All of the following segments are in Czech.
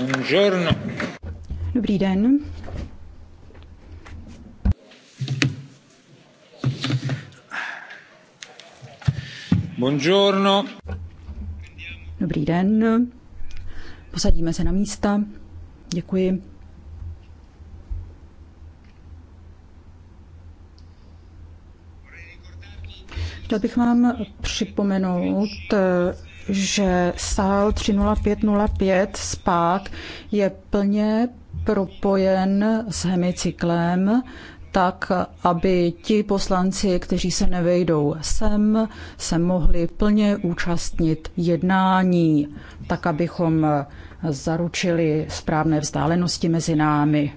Buongiorno. Dobrý den. Buongiorno. Dobrý den. Posadíme se na místa. Děkuji. Chtěl bych vám připomenout, že sál 30505 SPÁK je plně propojen s hemicyklem, tak, aby ti poslanci, kteří se nevejdou sem, se mohli plně účastnit jednání, tak, abychom zaručili správné vzdálenosti mezi námi.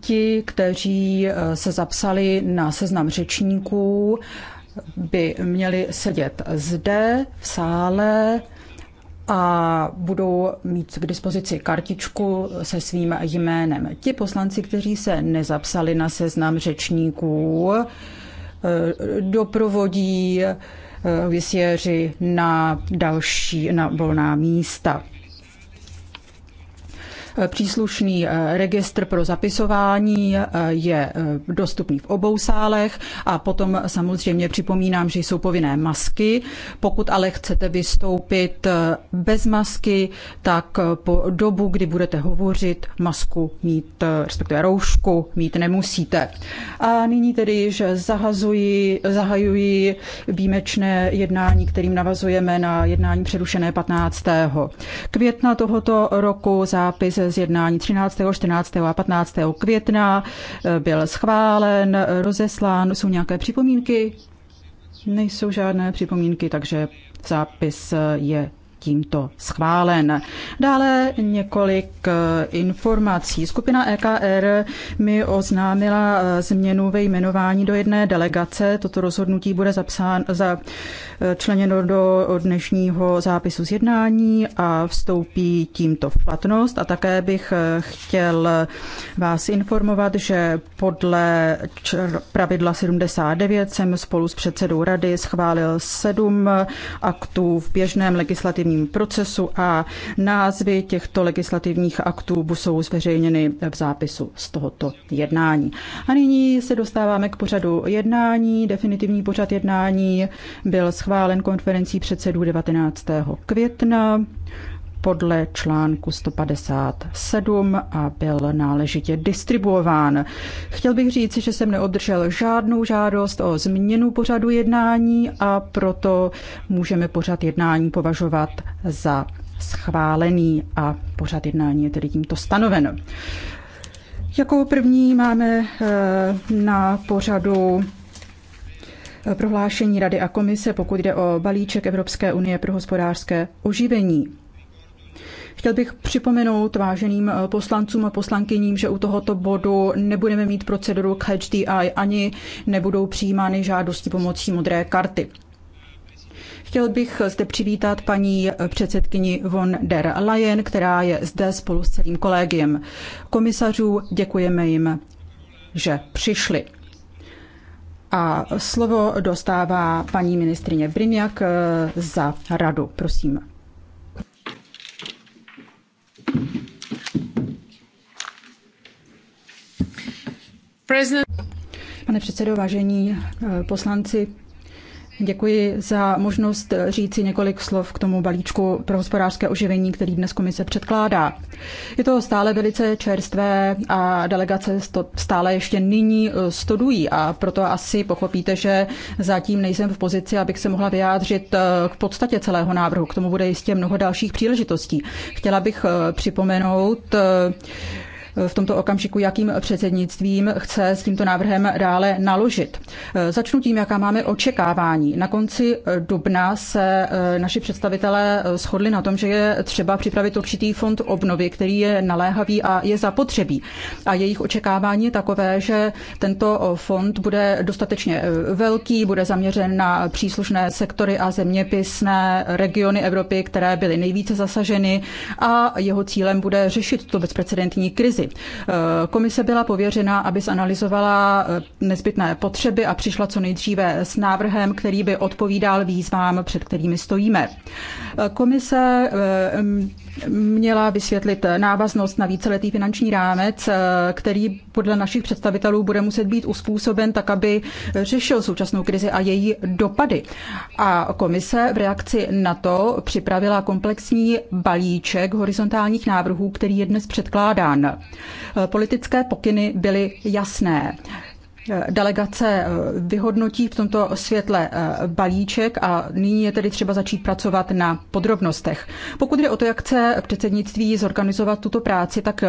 Ti, kteří eh, se zapsali na seznam řečníků, by měli sedět zde v sále a budou mít k dispozici kartičku se svým jménem. Ti poslanci, kteří se nezapsali na seznam řečníků, eh, doprovodí eh, vysvěři na další na volná místa. Eh, příslušný eh, registr pro zapisování eh, je dostupný v obou sálech a potom samozřejmě připomínám, že jsou povinné masky. Pokud ale chcete vystoupit bez masky, tak po dobu, kdy budete hovořit, masku mít, respektive roušku mít nemusíte. A nyní tedy již zahazuji, zahajuji výjimečné jednání, kterým navazujeme na jednání přerušené 15. května tohoto roku zápis z jednání 13., 14. a 15. května eh, byl schválen, rozeslán. Jsou nějaké připomínky? Nejsou žádné připomínky, takže zápis eh, je tímto schválen. Dále několik eh, informací. Skupina EKR mi oznámila eh, změnu ve jmenování do jedné delegace. Toto rozhodnutí bude zapsán, za, eh, členěno do dnešního zápisu z jednání a vstoupí tímto v platnost. A také bych chtěl vás informovat, že podle pravidla 79 jsem spolu s předsedou rady schválil sedm aktů v běžném legislativním legislativním procesu a názvy těchto legislativních aktů jsou zveřejněny v zápisu z tohoto jednání. A nyní se dostáváme k pořadu jednání. Definitivní pořad jednání byl schválen konferencí předsedů 19. května podle článku 157 a byl náležitě distribuován. Chtěl bych říct, že jsem neobdržel žádnou žádost o změnu pořadu jednání a proto můžeme pořad jednání považovat za schválený a pořad jednání je tedy tímto stanoven. Jako první máme eh, na pořadu eh, prohlášení Rady a komise, pokud jde o balíček Evropské unie pro hospodářské oživení. Chtěl bych připomenout váženým eh, poslancům a poslankyním, že u tohoto bodu nebudeme mít proceduru k HDI ani nebudou přijímány žádosti pomocí modré karty. Chtěl bych zde přivítat paní eh, předsedkyni von der Leyen, která je zde spolu s celým kolegiem komisařů. Děkujeme jim, že přišli. A slovo dostává paní ministrině Briniak eh, za radu. Prosím. Pane předsedo, vážení eh, poslanci, Děkuji za možnost říci několik slov k tomu balíčku pro hospodářské oživení, který dnes komise předkládá. Je to stále velice čerstvé a delegace to stále ještě nyní eh, studují a proto asi pochopíte, že zatím nejsem v pozici, abych se mohla vyjádřit eh, k podstatě celého návrhu. K tomu bude jistě mnoho dalších příležitostí. Chtěla bych eh, připomenout, v tomto okamžiku, jakým předsednictvím chce s tímto návrhem dále naložit. Začnu tím, jaká máme očekávání. Na konci dubna se eh, naši představitelé eh, shodli na tom, že je třeba připravit určitý fond obnovy, který je naléhavý a je zapotřebí. A jejich očekávání je takové, že tento eh, fond bude dostatečně velký, bude zaměřen na příslušné sektory a zeměpisné regiony Evropy, které byly nejvíce zasaženy a jeho cílem bude řešit tu bezprecedentní krizi krizi. Eh, komise byla pověřena, aby zanalizovala eh, nezbytné potřeby a přišla co nejdříve s návrhem, který by odpovídal výzvám, před kterými stojíme. Eh, komise měla vysvětlit návaznost na víceletý finanční rámec, který podle našich představitelů bude muset být uspůsoben tak, aby řešil současnou krizi a její dopady. A komise v reakci na to připravila komplexní balíček horizontálních návrhů, který je dnes předkládán. Eh, politické pokyny byly jasné. Eh, delegace eh, vyhodnotí v tomto světle balíček a nyní je tedy třeba začít pracovat na podrobnostech. Pokud jde o to, jak chce předsednictví zorganizovat tuto práci, tak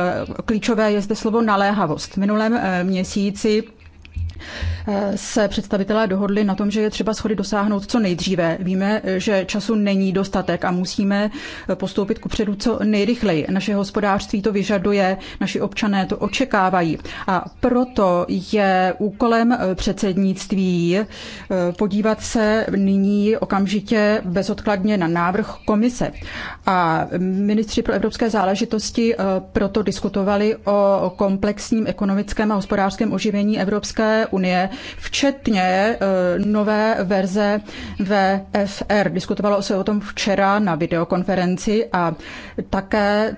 klíčové je zde slovo naléhavost. V minulém měsíci se představitelé dohodli na tom, že je třeba schody dosáhnout co nejdříve. Víme, že času není dostatek a musíme postoupit kupředu co nejrychleji. Naše hospodářství to vyžaduje, naši občané to očekávají. A proto je úkolem předsednictví eh, podívat se nyní okamžitě bezodkladně na návrh komise. A ministři pro evropské záležitosti eh, proto diskutovali o komplexním ekonomickém a hospodářském oživení Evropské unie, včetně eh, nové verze VFR. Diskutovalo se o tom včera na videokonferenci a také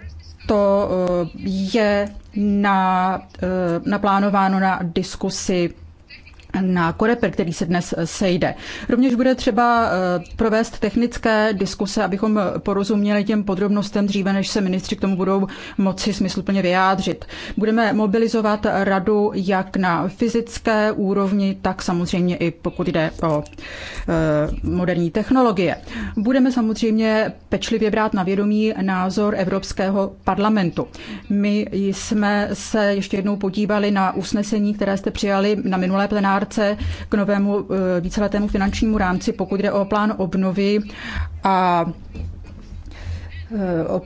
to eh, je na, eh, naplánováno na diskusi na Koreper, který se dnes sejde. Rovněž bude třeba eh, provést technické diskuse, abychom porozuměli těm podrobnostem dříve, než se ministři k tomu budou moci smysluplně vyjádřit. Budeme mobilizovat radu jak na fyzické úrovni, tak samozřejmě i pokud jde o eh, moderní technologie. Budeme samozřejmě pečlivě brát na vědomí názor Evropského parlamentu. My jsme se ještě jednou podívali na usnesení, které jste přijali na minulé plenár zákonodárce k novému e, víceletému finančnímu rámci, pokud jde o plán obnovy a Eh,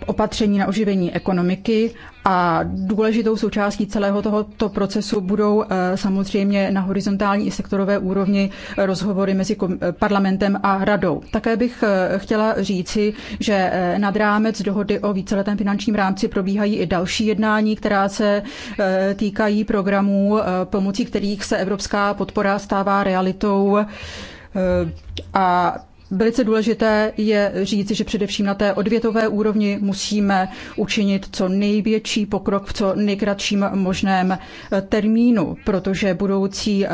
opatření na oživení ekonomiky a důležitou součástí celého tohoto procesu budou eh, samozřejmě na horizontální i sektorové úrovni rozhovory mezi parlamentem a radou. Také bych eh, chtěla říci, že nad rámec dohody o víceletém finančním rámci probíhají i další jednání, která se týkají programů, pomocí kterých se evropská podpora stává realitou a Velice důležité je říci, že především na té odvětové úrovni musíme učinit co největší pokrok v co nejkratším možném eh, termínu, protože budoucí eh,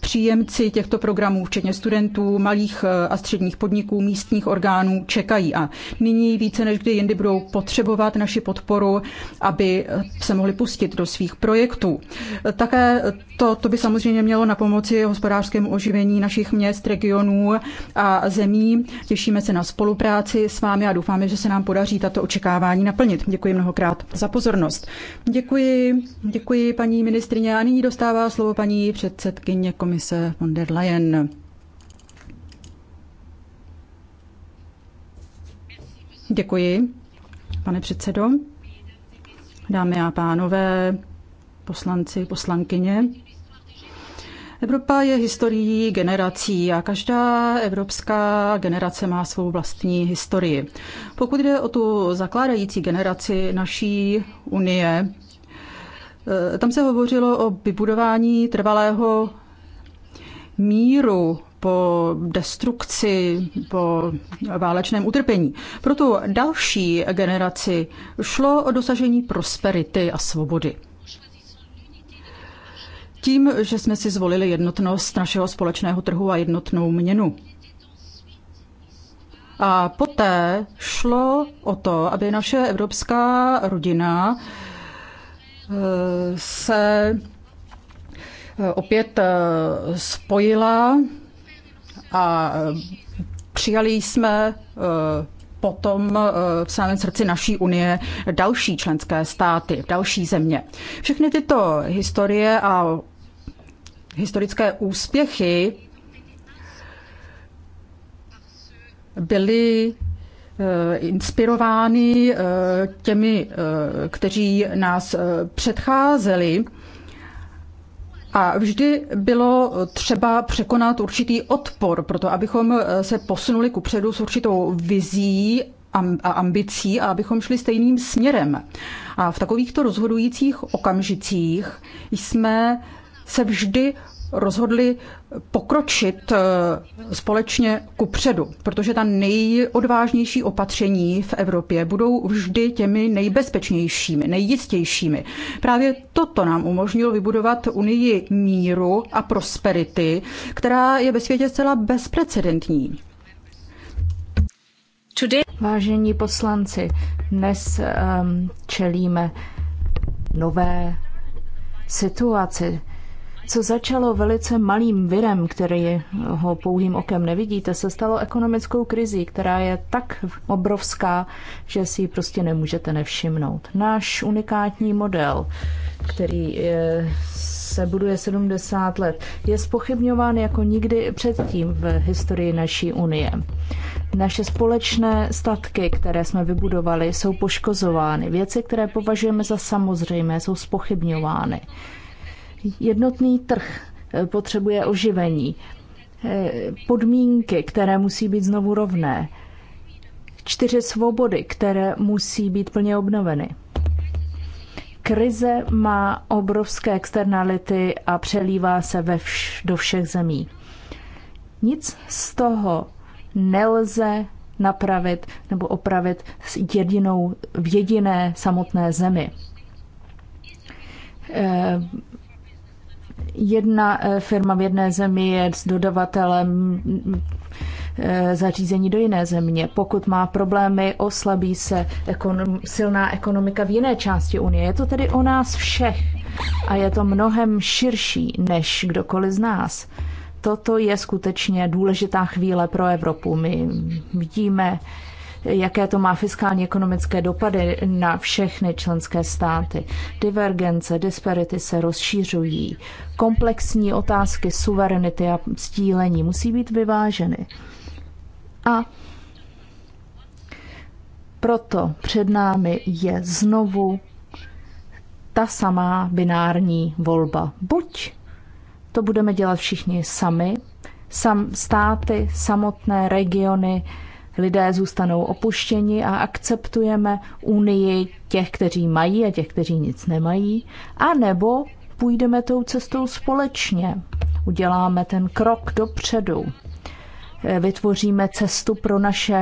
příjemci těchto programů, včetně studentů, malých eh, a středních podniků, místních orgánů, čekají. A nyní více než kdy jindy budou potřebovat naši podporu, aby se mohli pustit do svých projektů. Také to, to by samozřejmě mělo na pomoci hospodářskému oživení našich měst, regionů a zemí jednání. Těšíme se na spolupráci s vámi a doufáme, že se nám podaří tato očekávání naplnit. Děkuji mnohokrát za pozornost. Děkuji, děkuji paní ministrině a nyní dostává slovo paní předsedkyně komise von der Leyen. Děkuji, pane předsedo. Dámy a pánové, poslanci, poslankyně. Evropa je historií generací a každá evropská generace má svou vlastní historii. Pokud jde o tu zakládající generaci naší unie, eh, tam se hovořilo o vybudování trvalého míru po destrukci, po válečném utrpení. Pro tu další generaci šlo o dosažení prosperity a svobody tím, že jsme si zvolili jednotnost našeho společného trhu a jednotnou měnu. A poté šlo o to, aby naše evropská rodina eh, se eh, opět eh, spojila a přijali jsme potom v samém srdci naší unie další členské státy, další země. Všechny tyto historie a historické úspěchy byly eh, inspirovány eh, těmi, eh, kteří nás předcházeli. A vždy bylo třeba překonat určitý odpor, proto abychom se posunuli kupředu s určitou vizí a ambicí a abychom šli stejným směrem. A v takovýchto rozhodujících okamžicích jsme se vždy rozhodli pokročit eh, společně ku předu, protože ta nejodvážnější opatření v Evropě budou vždy těmi nejbezpečnějšími, nejjistějšími. Právě toto nám umožnilo vybudovat Unii míru a prosperity, která je ve světě zcela bezprecedentní. Vážení poslanci, dnes um, čelíme nové situaci co začalo velice malým virem, který ho pouhým okem nevidíte, se stalo ekonomickou krizí, která je tak obrovská, že si ji prostě nemůžete nevšimnout. Náš unikátní model, který eh, se buduje 70 let, je spochybňován jako nikdy předtím v historii naší unie. Naše společné statky, které jsme vybudovali, jsou poškozovány. Věci, které považujeme za samozřejmé, jsou spochybňovány. Jednotný trh eh, potřebuje oživení, eh, podmínky, které musí být znovu rovné, čtyři svobody, které musí být plně obnoveny. Krize má obrovské externality a přelívá se ve vš- do všech zemí. Nic z toho nelze napravit nebo opravit s jedinou, v jediné samotné zemi. Eh, jedna eh, firma v jedné zemi je s dodavatelem eh, zařízení do jiné země. Pokud má problémy, oslabí se ekonom, silná ekonomika v jiné části Unie. Je to tedy o nás všech a je to mnohem širší než kdokoliv z nás. Toto je skutečně důležitá chvíle pro Evropu. My vidíme, jaké to má fiskální ekonomické dopady na všechny členské státy. Divergence, disparity se rozšířují. Komplexní otázky suverenity a stílení musí být vyváženy. A proto před námi je znovu ta samá binární volba. Buď to budeme dělat všichni sami, sam, státy, samotné regiony, lidé zůstanou opuštěni a akceptujeme unii těch, kteří mají a těch, kteří nic nemají, a nebo půjdeme tou cestou společně, uděláme ten krok dopředu, vytvoříme cestu pro naše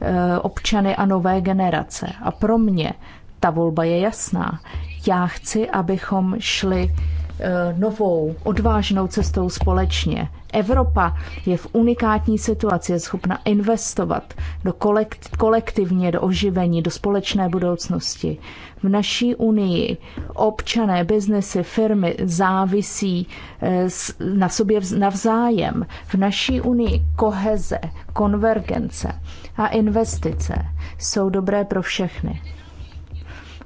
eh, občany a nové generace. A pro mě ta volba je jasná. Já chci, abychom šli Eh, novou, odvážnou cestou společně. Evropa je v unikátní situaci, je schopna investovat do kolekt, kolektivně do oživení, do společné budoucnosti. V naší unii občané, biznesy, firmy závisí eh, na sobě navzájem. V naší unii koheze, konvergence a investice jsou dobré pro všechny.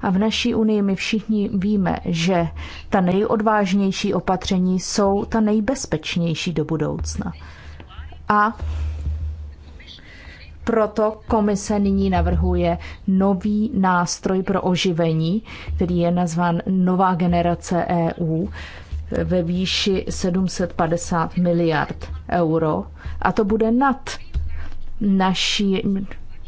A v naší unii my všichni víme, že ta nejodvážnější opatření jsou ta nejbezpečnější do budoucna. A proto komise nyní navrhuje nový nástroj pro oživení, který je nazván Nová generace EU ve výši 750 miliard euro. A to bude nad naší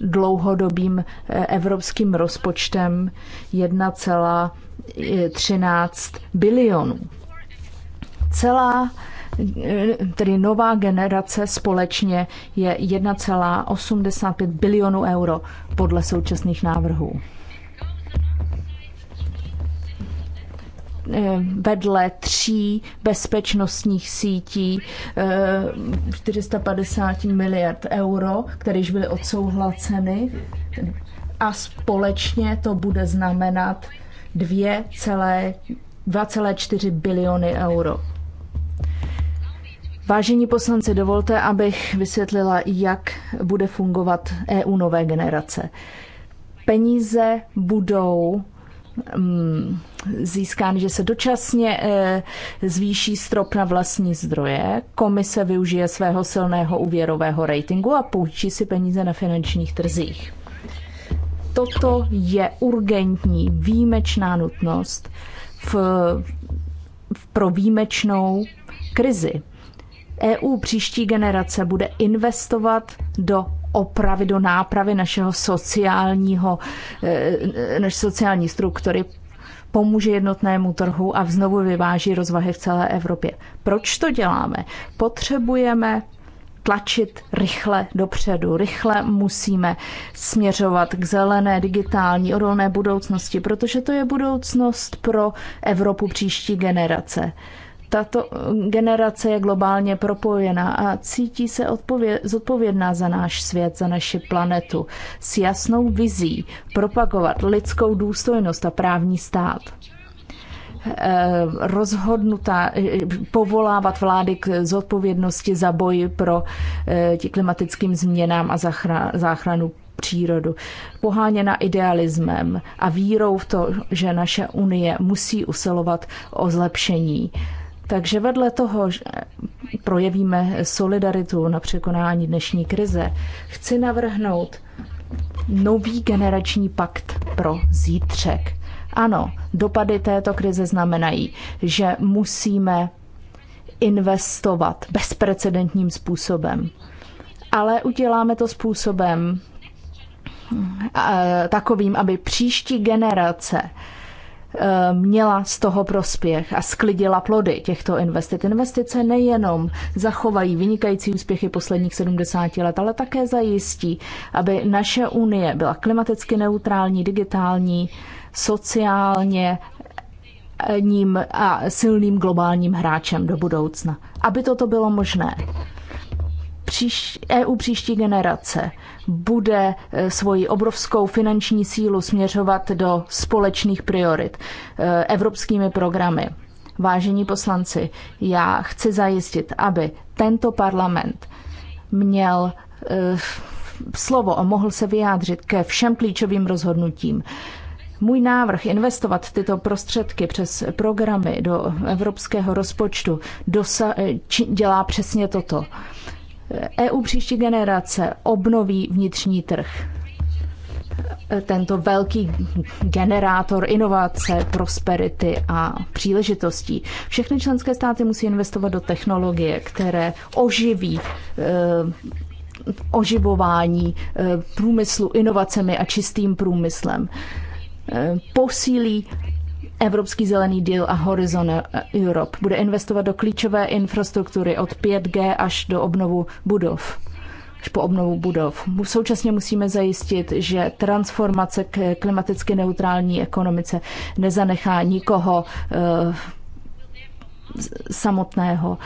dlouhodobým eh, evropským rozpočtem 1,13 bilionů. Celá eh, tedy nová generace společně je 1,85 bilionů euro podle současných návrhů. Eh, vedle tří bezpečnostních sítí 450 eh, miliard euro, které již byly odsouhlaceny. A společně to bude znamenat 2,4 biliony euro. Vážení poslanci, dovolte, abych vysvětlila, jak bude fungovat EU nové generace. Peníze budou Mm, získán, že se dočasně eh, zvýší strop na vlastní zdroje, komise využije svého silného úvěrového ratingu a půjčí si peníze na finančních trzích. Toto je urgentní, výjimečná nutnost v, v, pro výjimečnou krizi. EU příští generace bude investovat do opravy, do nápravy našeho sociálního, eh, naší sociální struktury, pomůže jednotnému trhu a znovu vyváží rozvahy v celé Evropě. Proč to děláme? Potřebujeme tlačit rychle dopředu. Rychle musíme směřovat k zelené, digitální, odolné budoucnosti, protože to je budoucnost pro Evropu příští generace. Tato eh, generace je globálně propojená a cítí se odpověd, zodpovědná za náš svět, za naši planetu, s jasnou vizí propagovat lidskou důstojnost a právní stát eh, rozhodnutá eh, povolávat vlády k zodpovědnosti za boj pro klimatickým změnám a záchranu přírodu, poháněna idealismem a vírou v to, že naše unie musí usilovat o zlepšení takže vedle toho že projevíme solidaritu na překonání dnešní krize. Chci navrhnout nový generační pakt pro zítřek. Ano, dopady této krize znamenají, že musíme investovat bezprecedentním způsobem. Ale uděláme to způsobem eh, takovým, aby příští generace Eh, měla z toho prospěch a sklidila plody těchto investic. Investice nejenom zachovají vynikající úspěchy posledních 70 let, ale také zajistí, aby naše unie byla klimaticky neutrální, digitální, sociálně eh, ním a silným globálním hráčem do budoucna. Aby toto bylo možné, Příš, EU příští generace bude e, svoji obrovskou finanční sílu směřovat do společných priorit e, evropskými programy. Vážení poslanci, já chci zajistit, aby tento parlament měl e, slovo a mohl se vyjádřit ke všem klíčovým rozhodnutím. Můj návrh investovat tyto prostředky přes programy do evropského rozpočtu dosa- dělá přesně toto. EU příští generace obnoví vnitřní trh. Tento velký generátor inovace, prosperity a příležitostí. Všechny členské státy musí investovat do technologie, které oživí eh, oživování eh, průmyslu inovacemi a čistým průmyslem. Eh, posílí Evropský zelený díl a Horizon Europe. Bude investovat do klíčové infrastruktury od 5G až do obnovu budov až po obnovu budov. Současně musíme zajistit, že transformace k klimaticky neutrální ekonomice nezanechá nikoho eh, samotného.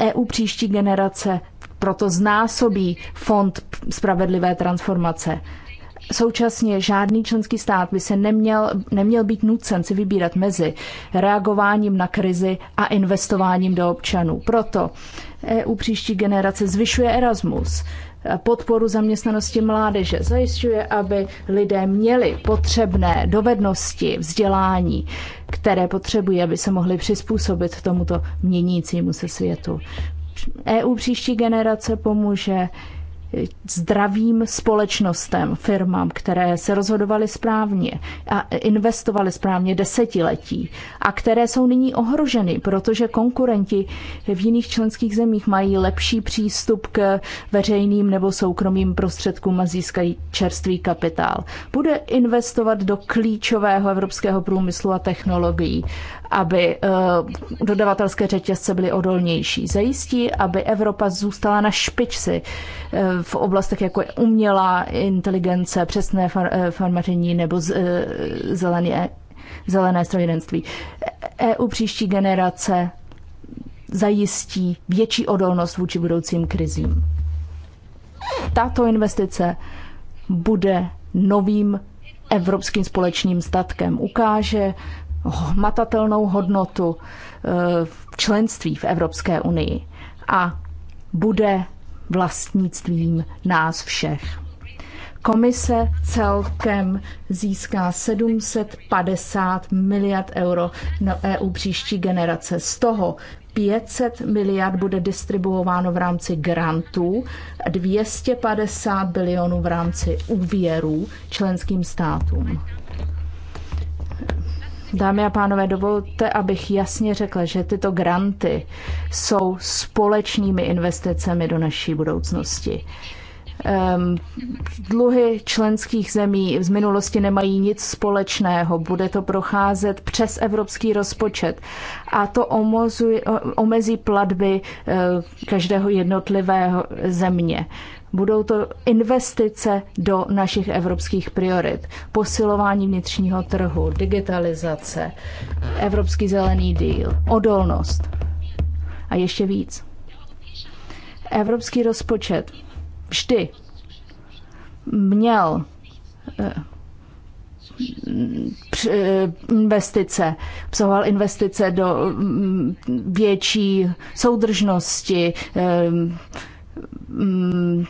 EU příští generace proto znásobí fond spravedlivé transformace. Současně žádný členský stát by se neměl, neměl být nucen si vybírat mezi reagováním na krizi a investováním do občanů. Proto EU příští generace zvyšuje Erasmus, podporu zaměstnanosti mládeže, zajišťuje, aby lidé měli potřebné dovednosti, vzdělání, které potřebují, aby se mohli přizpůsobit tomuto měnícímu se světu. EU příští generace pomůže zdravým společnostem, firmám, které se rozhodovaly správně a investovaly správně desetiletí a které jsou nyní ohroženy, protože konkurenti v jiných členských zemích mají lepší přístup k veřejným nebo soukromým prostředkům a získají čerstvý kapitál. Bude investovat do klíčového evropského průmyslu a technologií aby eh, dodavatelské řetězce byly odolnější. Zajistí, aby Evropa zůstala na špičci eh, v oblastech jako je umělá inteligence, přesné far- eh, farmaření nebo zelené, e, zelené strojírenství. E-, EU příští generace zajistí větší odolnost vůči budoucím krizím. Tato investice bude novým evropským společným statkem. Ukáže hmatatelnou hodnotu eh, v členství v Evropské unii a bude vlastnictvím nás všech. Komise celkem získá 750 miliard euro na EU příští generace. Z toho 500 miliard bude distribuováno v rámci grantů, 250 bilionů v rámci úvěrů členským státům. Dámy a pánové, dovolte, abych jasně řekla, že tyto granty jsou společnými investicemi do naší budoucnosti. Um, dluhy členských zemí z minulosti nemají nic společného. Bude to procházet přes evropský rozpočet a to omozuje, omezí platby uh, každého jednotlivého země. Budou to investice do našich evropských priorit, posilování vnitřního trhu, digitalizace, Evropský zelený díl, odolnost a ještě víc. Evropský rozpočet vždy měl eh, investice, psoval investice do mm, větší soudržnosti, eh, Mm,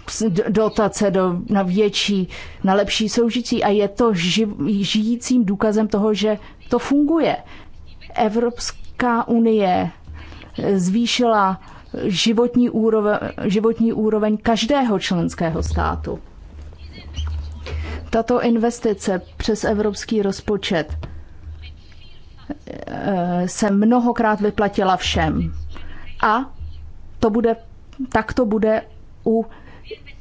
dotace do, na větší, na lepší soužití a je to ži, žijícím důkazem toho, že to funguje. Evropská unie eh, zvýšila životní úroveň, životní úroveň každého členského státu. Tato investice přes evropský rozpočet eh, se mnohokrát vyplatila všem. A to bude tak to bude u,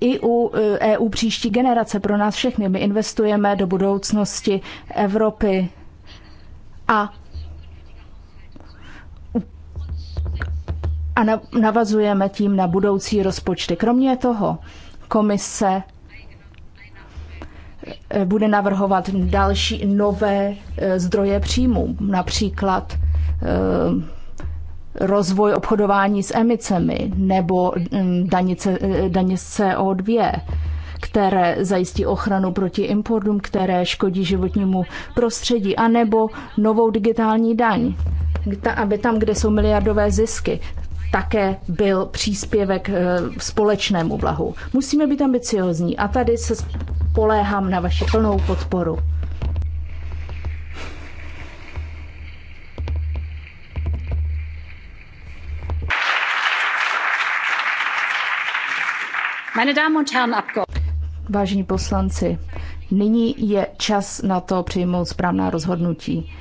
i u EU eh, e příští generace pro nás všechny. My investujeme do budoucnosti Evropy a a navazujeme tím na budoucí rozpočty. Kromě toho komise eh, bude navrhovat další nové eh, zdroje příjmů, například rozvoj obchodování s emicemi nebo mm, danice, eh, daně z CO2, které zajistí ochranu proti importům, které škodí životnímu prostředí, anebo novou digitální daň, aby tam, kde jsou miliardové zisky, také byl příspěvek eh, společnému blahu. Musíme být ambiciozní a tady se spoléhám na vaši plnou podporu. Vážení poslanci, nyní je čas na to přijmout správná rozhodnutí.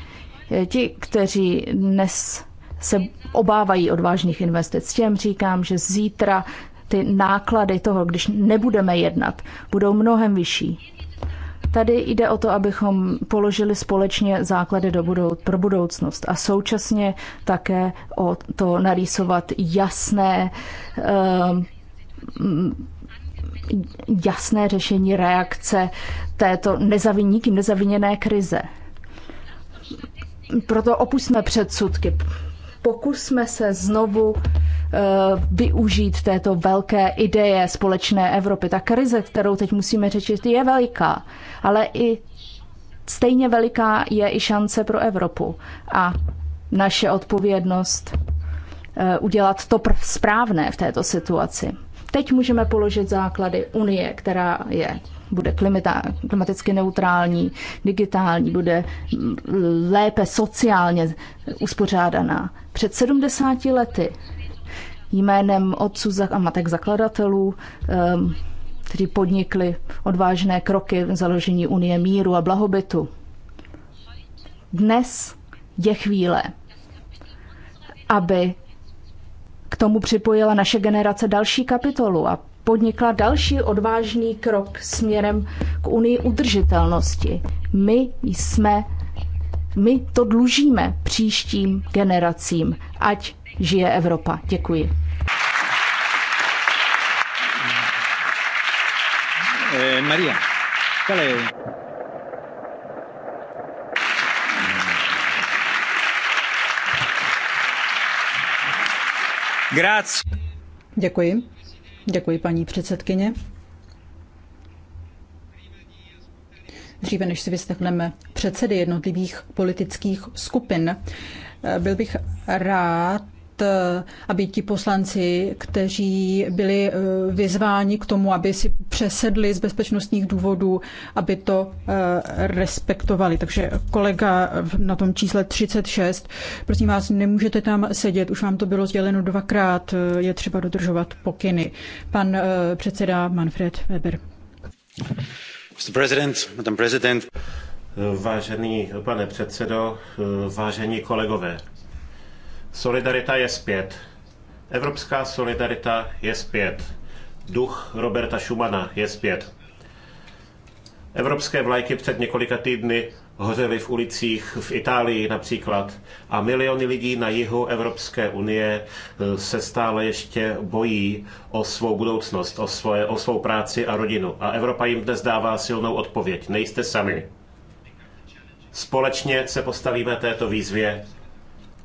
Ti, kteří dnes se obávají odvážných investic, těm říkám, že zítra ty náklady toho, když nebudeme jednat, budou mnohem vyšší. Tady jde o to, abychom položili společně základy do budou- pro budoucnost a současně také o to narýsovat jasné eh, jasné řešení reakce této nezaviní, nikým nezaviněné krize. Proto opusme předsudky. Pokusme se znovu eh, využít této velké ideje společné Evropy. Ta krize, kterou teď musíme řečit, je veliká, ale i stejně veliká je i šance pro Evropu a naše odpovědnost eh, udělat to správné v této situaci. Teď můžeme položit základy Unie, která je bude klimata, klimaticky neutrální, digitální, bude lépe sociálně uspořádaná. Před 70 lety jménem otců a matek zakladatelů, ehm, kteří podnikli odvážné kroky v založení Unie míru a blahobytu. Dnes je chvíle, aby k tomu připojila naše generace další kapitolu a podnikla další odvážný krok směrem k unii udržitelnosti. My jsme, my to dlužíme příštím generacím. Ať žije Evropa. Děkuji. Eh, Maria, Grazie. Děkuji. Děkuji, paní předsedkyně. Dříve než si vyslechneme předsedy jednotlivých politických skupin, byl bych rád, Eh, aby ti poslanci, kteří byli eh, vyzváni k tomu, aby si přesedli z bezpečnostních důvodů, aby to eh, respektovali. Takže kolega na tom čísle 36, prosím vás, nemůžete tam sedět, už vám to bylo sděleno dvakrát, je třeba dodržovat pokyny. Pan předseda Manfred Weber. Mr. President, Madam President. Vážený pane předsedo, vážení kolegové, Solidarita je zpět. Evropská solidarita je zpět. Duch Roberta Schumana je zpět. Evropské vlajky před několika týdny hořely v ulicích v Itálii například a miliony lidí na jihu Evropské unie eh, se stále ještě bojí o svou budoucnost, o, svoje, o svou práci a rodinu. A Evropa jim dnes dává silnou odpověď. Nejste sami. Společně se postavíme této výzvě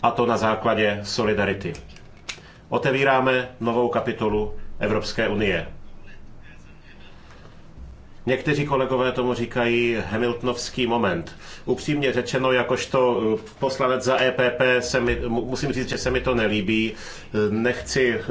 a to na základě solidarity. Otevíráme novou kapitolu Evropské unie. Někteří kolegové tomu říkají Hamiltonovský moment. Upřímně řečeno, jakožto eh, poslanec za EPP, se mi, musím říct, že se mi to nelíbí. Eh, nechci eh,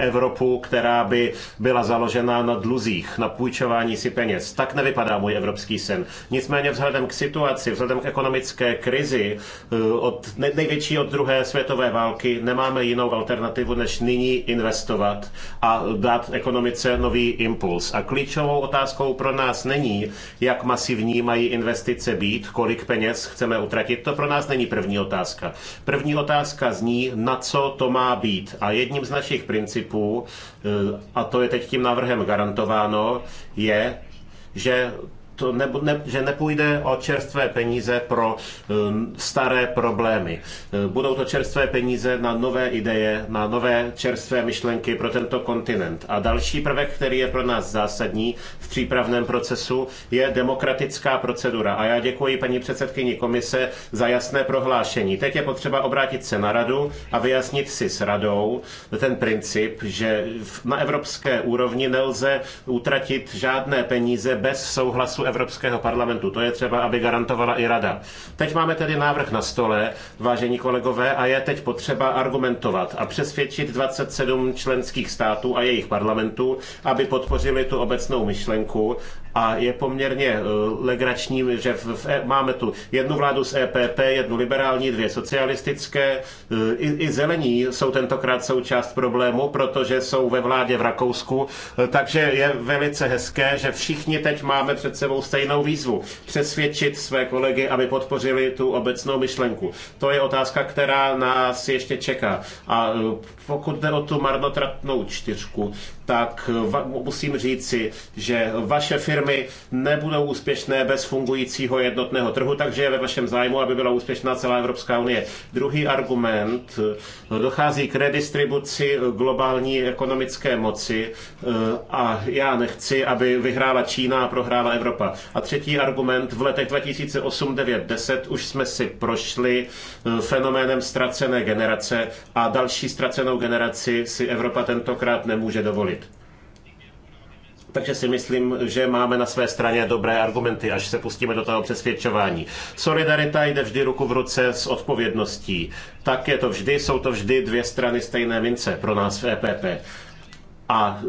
Evropu, která by byla založena na dluzích, na půjčování si peněz. Tak nevypadá můj evropský sen. Nicméně vzhledem k situaci, vzhledem k ekonomické krizi, eh, od největší od druhé světové války, nemáme jinou alternativu, než nyní investovat a dát ekonomice nový impuls. A klíčovou otázkou pro nás není, jak masivní mají investice být, kolik peněz chceme utratit. To pro nás není první otázka. První otázka zní, na co to má být. A jedním z našich principů typu, eh, a to je teď tím návrhem garantováno, je, že to ne, ne, že nepůjde o čerstvé peníze pro um, staré problémy. Uh, budou to čerstvé peníze na nové ideje, na nové čerstvé myšlenky pro tento kontinent. A další prvek, který je pro nás zásadní v přípravném procesu, je demokratická procedura. A já děkuji paní předsedkyni komise za jasné prohlášení. Teď je potřeba obrátit se na radu a vyjasnit si s radou ten princip, že na evropské úrovni nelze utratit žádné peníze bez souhlasu Evropského parlamentu. To je třeba, aby garantovala i rada. Teď máme tedy návrh na stole, vážení kolegové, a je teď potřeba argumentovat a přesvědčit 27 členských států a jejich parlamentů, aby podpořili tu obecnou myšlenku a je poměrně eh, legrační, že v, v, e, máme tu jednu vládu z EPP, jednu liberální, dvě socialistické. Eh, I, I zelení jsou tentokrát součást problému, protože jsou ve vládě v Rakousku. Eh, takže je velice hezké, že všichni teď máme před sebou tou stejnou výzvu. Přesvědčit své kolegy, aby podpořili tu obecnou myšlenku. To je otázka, která nás ještě čeká. A eh, pokud jde o tu marnotratnou čtyřku, tak musím říci, že vaše firmy nebudou úspěšné bez fungujícího jednotného trhu, takže je ve vašem zájmu, aby byla úspěšná celá Evropská unie. Druhý argument, dochází k redistribuci globální ekonomické moci eh, a já nechci, aby vyhrála Čína a prohrála Evropa. A třetí argument, v letech 2008, 9, 10 už jsme si prošli eh, fenoménem ztracené generace a další ztracenou generaci si Evropa tentokrát nemůže dovolit. Takže si myslím, že máme na své straně dobré argumenty, až se pustíme do toho přesvědčování. Solidarita jde vždy ruku v ruce s odpovědností. Tak je to vždy, jsou to vždy dvě strany stejné mince pro nás v EPP. A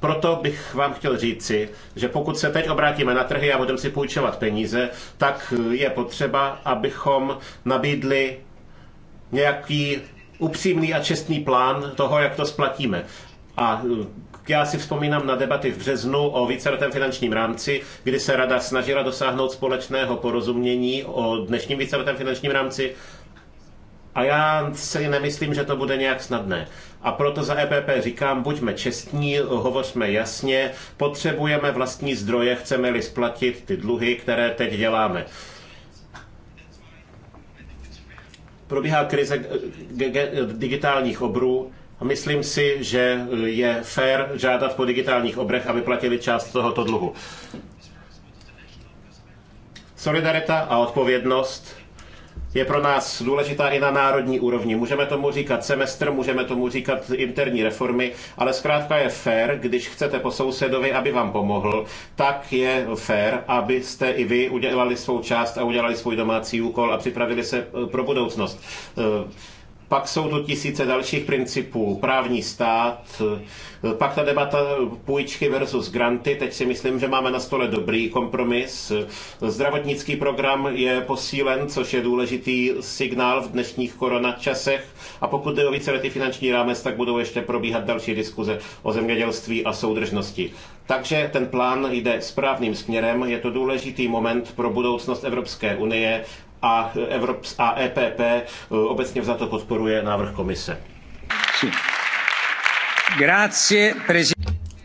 proto bych vám chtěl říci, že pokud se teď obrátíme na trhy a budeme si půjčovat peníze, tak je potřeba, abychom nabídli nějaký upřímný a čestný plán toho, jak to splatíme. A já si vzpomínám na debaty v březnu o víceletém finančním rámci, kdy se rada snažila dosáhnout společného porozumění o dnešním víceletém finančním rámci a já si nemyslím, že to bude nějak snadné. A proto za EPP říkám, buďme čestní, hovořme jasně, potřebujeme vlastní zdroje, chceme-li splatit ty dluhy, které teď děláme. Probíhá krize eh, digitálních obrů Myslím si, že eh, je fér žádat po digitálních obrech, aby platili část tohoto dluhu. Solidarita a odpovědnost je pro nás důležitá i na národní úrovni. Můžeme tomu říkat semestr, můžeme tomu říkat interní reformy, ale zkrátka je fér, když chcete po sousedovi, aby vám pomohl, tak je fér, abyste i vy udělali svou část a udělali svůj domácí úkol a připravili se eh, pro budoucnost. Eh, pak jsou tu tisíce dalších principů. Právní stát, eh, pak ta debata půjčky versus granty. Teď si myslím, že máme na stole dobrý kompromis. Eh, zdravotnický program je posílen, což je důležitý signál v dnešních koronačasech. A pokud jde o víceletý finanční rámec, tak budou ještě probíhat další diskuze o zemědělství a soudržnosti. Takže ten plán jde správným směrem. Je to důležitý moment pro budoucnost Evropské unie a, Evrops- a EPP eh, obecně vzato podporuje návrh komise. Grazie,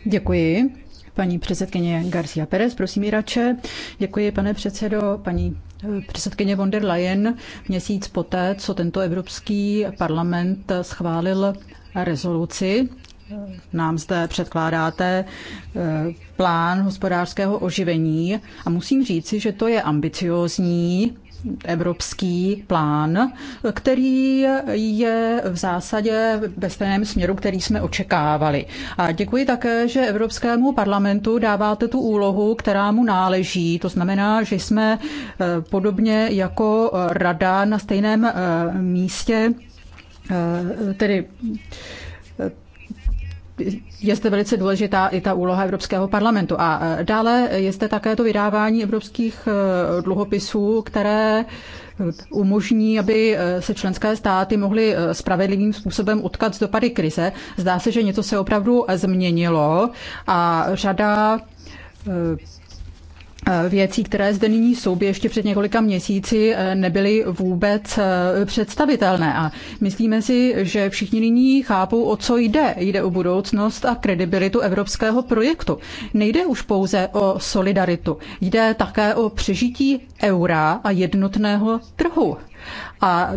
Děkuji. Paní předsedkyně Garcia Perez, prosím Irače. Děkuji, pane předsedo, paní eh, předsedkyně von der Leyen. Měsíc poté, co tento Evropský parlament schválil rezoluci, eh, nám zde předkládáte plán hospodářského oživení a musím říci, že to je ambiciózní evropský plán, který je v zásadě ve stejném směru, který jsme očekávali. A děkuji také, že Evropskému parlamentu dáváte tu úlohu, která mu náleží. To znamená, že jsme eh, podobně jako rada na stejném eh, místě, eh, tedy je zde velice důležitá i ta úloha Evropského parlamentu. A e, dále je zde také to vydávání evropských e, dluhopisů, které e, umožní, aby se členské státy mohly spravedlivým způsobem utkat z dopady krize. Zdá se, že něco se opravdu změnilo a řada Eh, věcí, které zde nyní jsou, by ještě před několika měsíci eh, nebyly vůbec eh, představitelné. A myslíme si, že všichni nyní chápou, o co jde. Jde o budoucnost a kredibilitu evropského projektu. Nejde už pouze o solidaritu. Jde také o přežití eura a jednotného trhu. A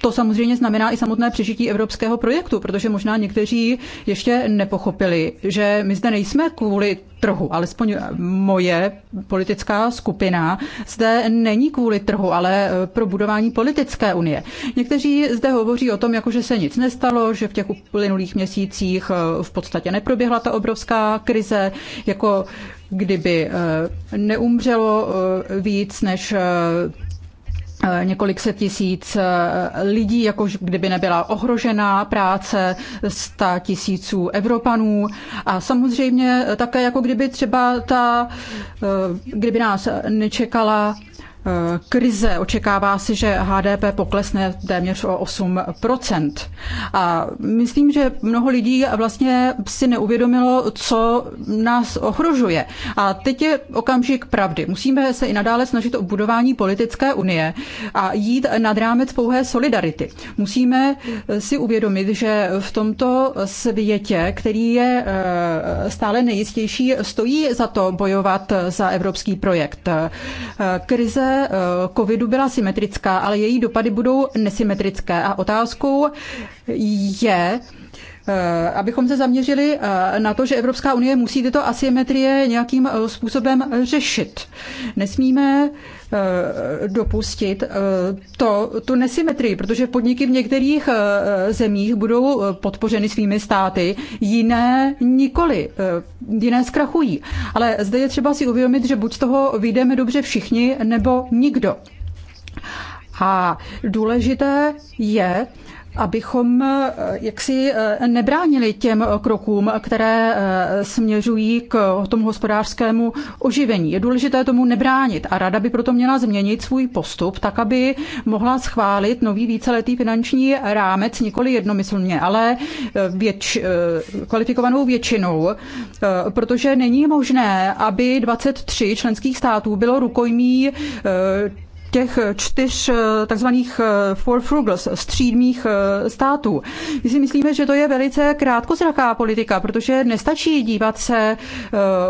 to samozřejmě znamená i samotné přežití evropského projektu, protože možná někteří ještě nepochopili, že my zde nejsme kvůli trhu, alespoň eh, moje politická skupina zde není kvůli trhu, ale eh, pro budování politické unie. Někteří zde hovoří o tom, jako že se nic nestalo, že v těch uplynulých měsících eh, v podstatě neproběhla ta obrovská krize, jako kdyby neumřelo víc než Eh, několik set tisíc eh, lidí, jako kdyby nebyla ohrožená práce sta tisíců Evropanů a samozřejmě také jako kdyby třeba ta, eh, kdyby nás nečekala Eh, krize. Očekává si, že HDP poklesne téměř o 8%. A myslím, že mnoho lidí vlastně si neuvědomilo, co nás ohrožuje. A teď je okamžik pravdy. Musíme se i nadále snažit o budování politické unie a jít nad rámec pouhé solidarity. Musíme eh, si uvědomit, že v tomto světě, který je eh, stále nejistější, stojí za to bojovat za evropský projekt. Krize Eh, covidu byla symetrická, ale její dopady budou nesymetrické. A otázkou je, Eh, abychom se zaměřili eh, na to, že Evropská unie musí tyto asymetrie nějakým eh, způsobem řešit. Nesmíme dopustit to, tu nesymetrii, protože podniky v některých zemích budou podpořeny svými státy, jiné nikoli, jiné zkrachují. Ale zde je třeba si uvědomit, že buď z toho vyjdeme dobře všichni, nebo nikdo. A důležité je, abychom eh, jaksi eh, nebránili těm krokům, které eh, směřují k tomu hospodářskému oživení. Je důležité tomu nebránit a rada by proto měla změnit svůj postup tak, aby mohla schválit nový víceletý finanční rámec nikoli jednomyslně, ale věč, kvalifikovanou většinou, protože není možné, aby 23 členských států bylo rukojmí těch čtyř eh, takzvaných eh, four frugals, střídmých eh, států. My si myslíme, že to je velice krátkozraká politika, protože nestačí dívat se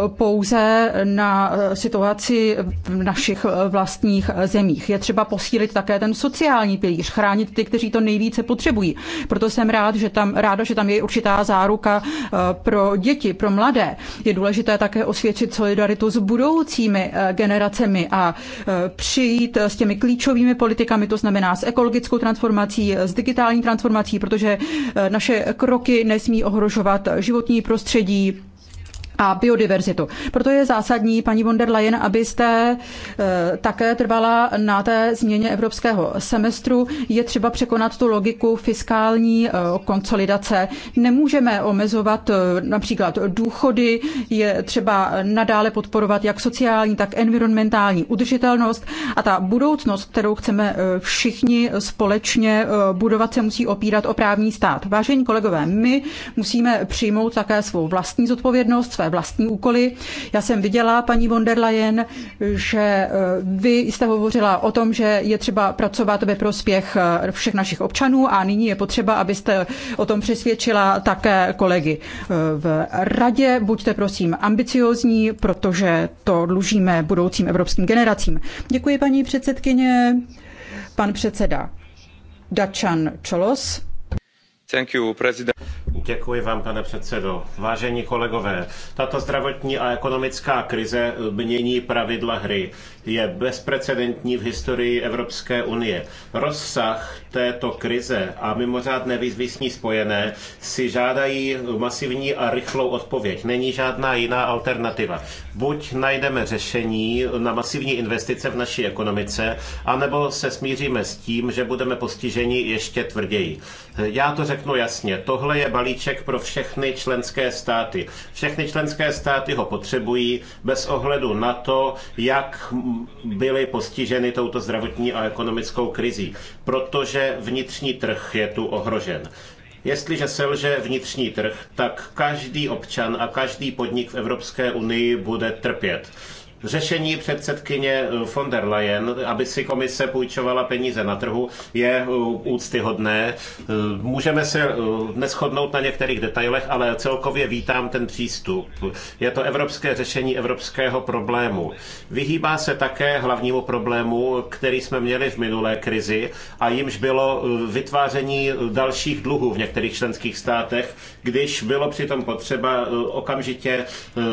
pouze na situaci v našich vlastních zemích. Je třeba posílit také ten sociální pilíř, chránit ty, kteří to nejvíce potřebují. Proto jsem rád, že tam, ráda, že tam je určitá záruka pro děti, pro mladé. Je důležité také osvědčit solidaritu s budoucími generacemi a přijít s těmi klíčovými politikami, to znamená s ekologickou transformací, s digitální transformací, protože eh, naše kroky nesmí ohrožovat životní prostředí, a biodiverzitu. Proto je zásadní, paní von der Leyen, abyste eh, také trvala na té změně evropského semestru. Je třeba překonat tu logiku fiskální eh, konsolidace. Nemůžeme omezovat eh, například důchody, je třeba nadále podporovat jak sociální, tak environmentální udržitelnost a ta budoucnost, kterou chceme všichni společně budovat, se musí opírat o právní stát. Vážení kolegové, my musíme přijmout také svou vlastní zodpovědnost, své vlastní úkoly. Já jsem viděla, paní von der Leyen, že eh, vy jste hovořila o tom, že je třeba pracovat ve prospěch eh, všech našich občanů a nyní je potřeba, abyste o tom přesvědčila také kolegy eh, v radě. Buďte prosím ambiciozní, protože to dlužíme budoucím evropským generacím. Děkuji paní předsedkyně, pan předseda Dačan Čolos. Thank you, president. Děkuji vám, pane předsedo. Vážení kolegové, tato zdravotní a ekonomická krize mění pravidla hry je bezprecedentní v historii Evropské unie. Rozsah této krize a mimořádné výzvy s ní spojené si žádají masivní a rychlou odpověď. Není žádná jiná alternativa. Buď najdeme řešení na masivní investice v naší ekonomice, anebo se smíříme s tím, že budeme postiženi ještě tvrději. Já to řeknu jasně. Tohle je balíček pro všechny členské státy. Všechny členské státy ho potřebují bez ohledu na to, jak byly postiženy touto zdravotní a ekonomickou krizí, protože vnitřní trh je tu ohrožen. Jestliže selže vnitřní trh, tak každý občan a každý podnik v Evropské unii bude trpět. Řešení předsedkyně eh, von der Leyen, aby si komise půjčovala peníze na trhu, je eh, úctyhodné. Eh, můžeme se neschodnout na některých detailech, ale celkově vítám ten přístup. Je to evropské řešení evropského problému. Vyhýbá se také hlavnímu problému, který jsme měli v minulé krizi a jimž bylo vytváření dalších dluhů v některých členských státech, když bylo přitom potřeba okamžitě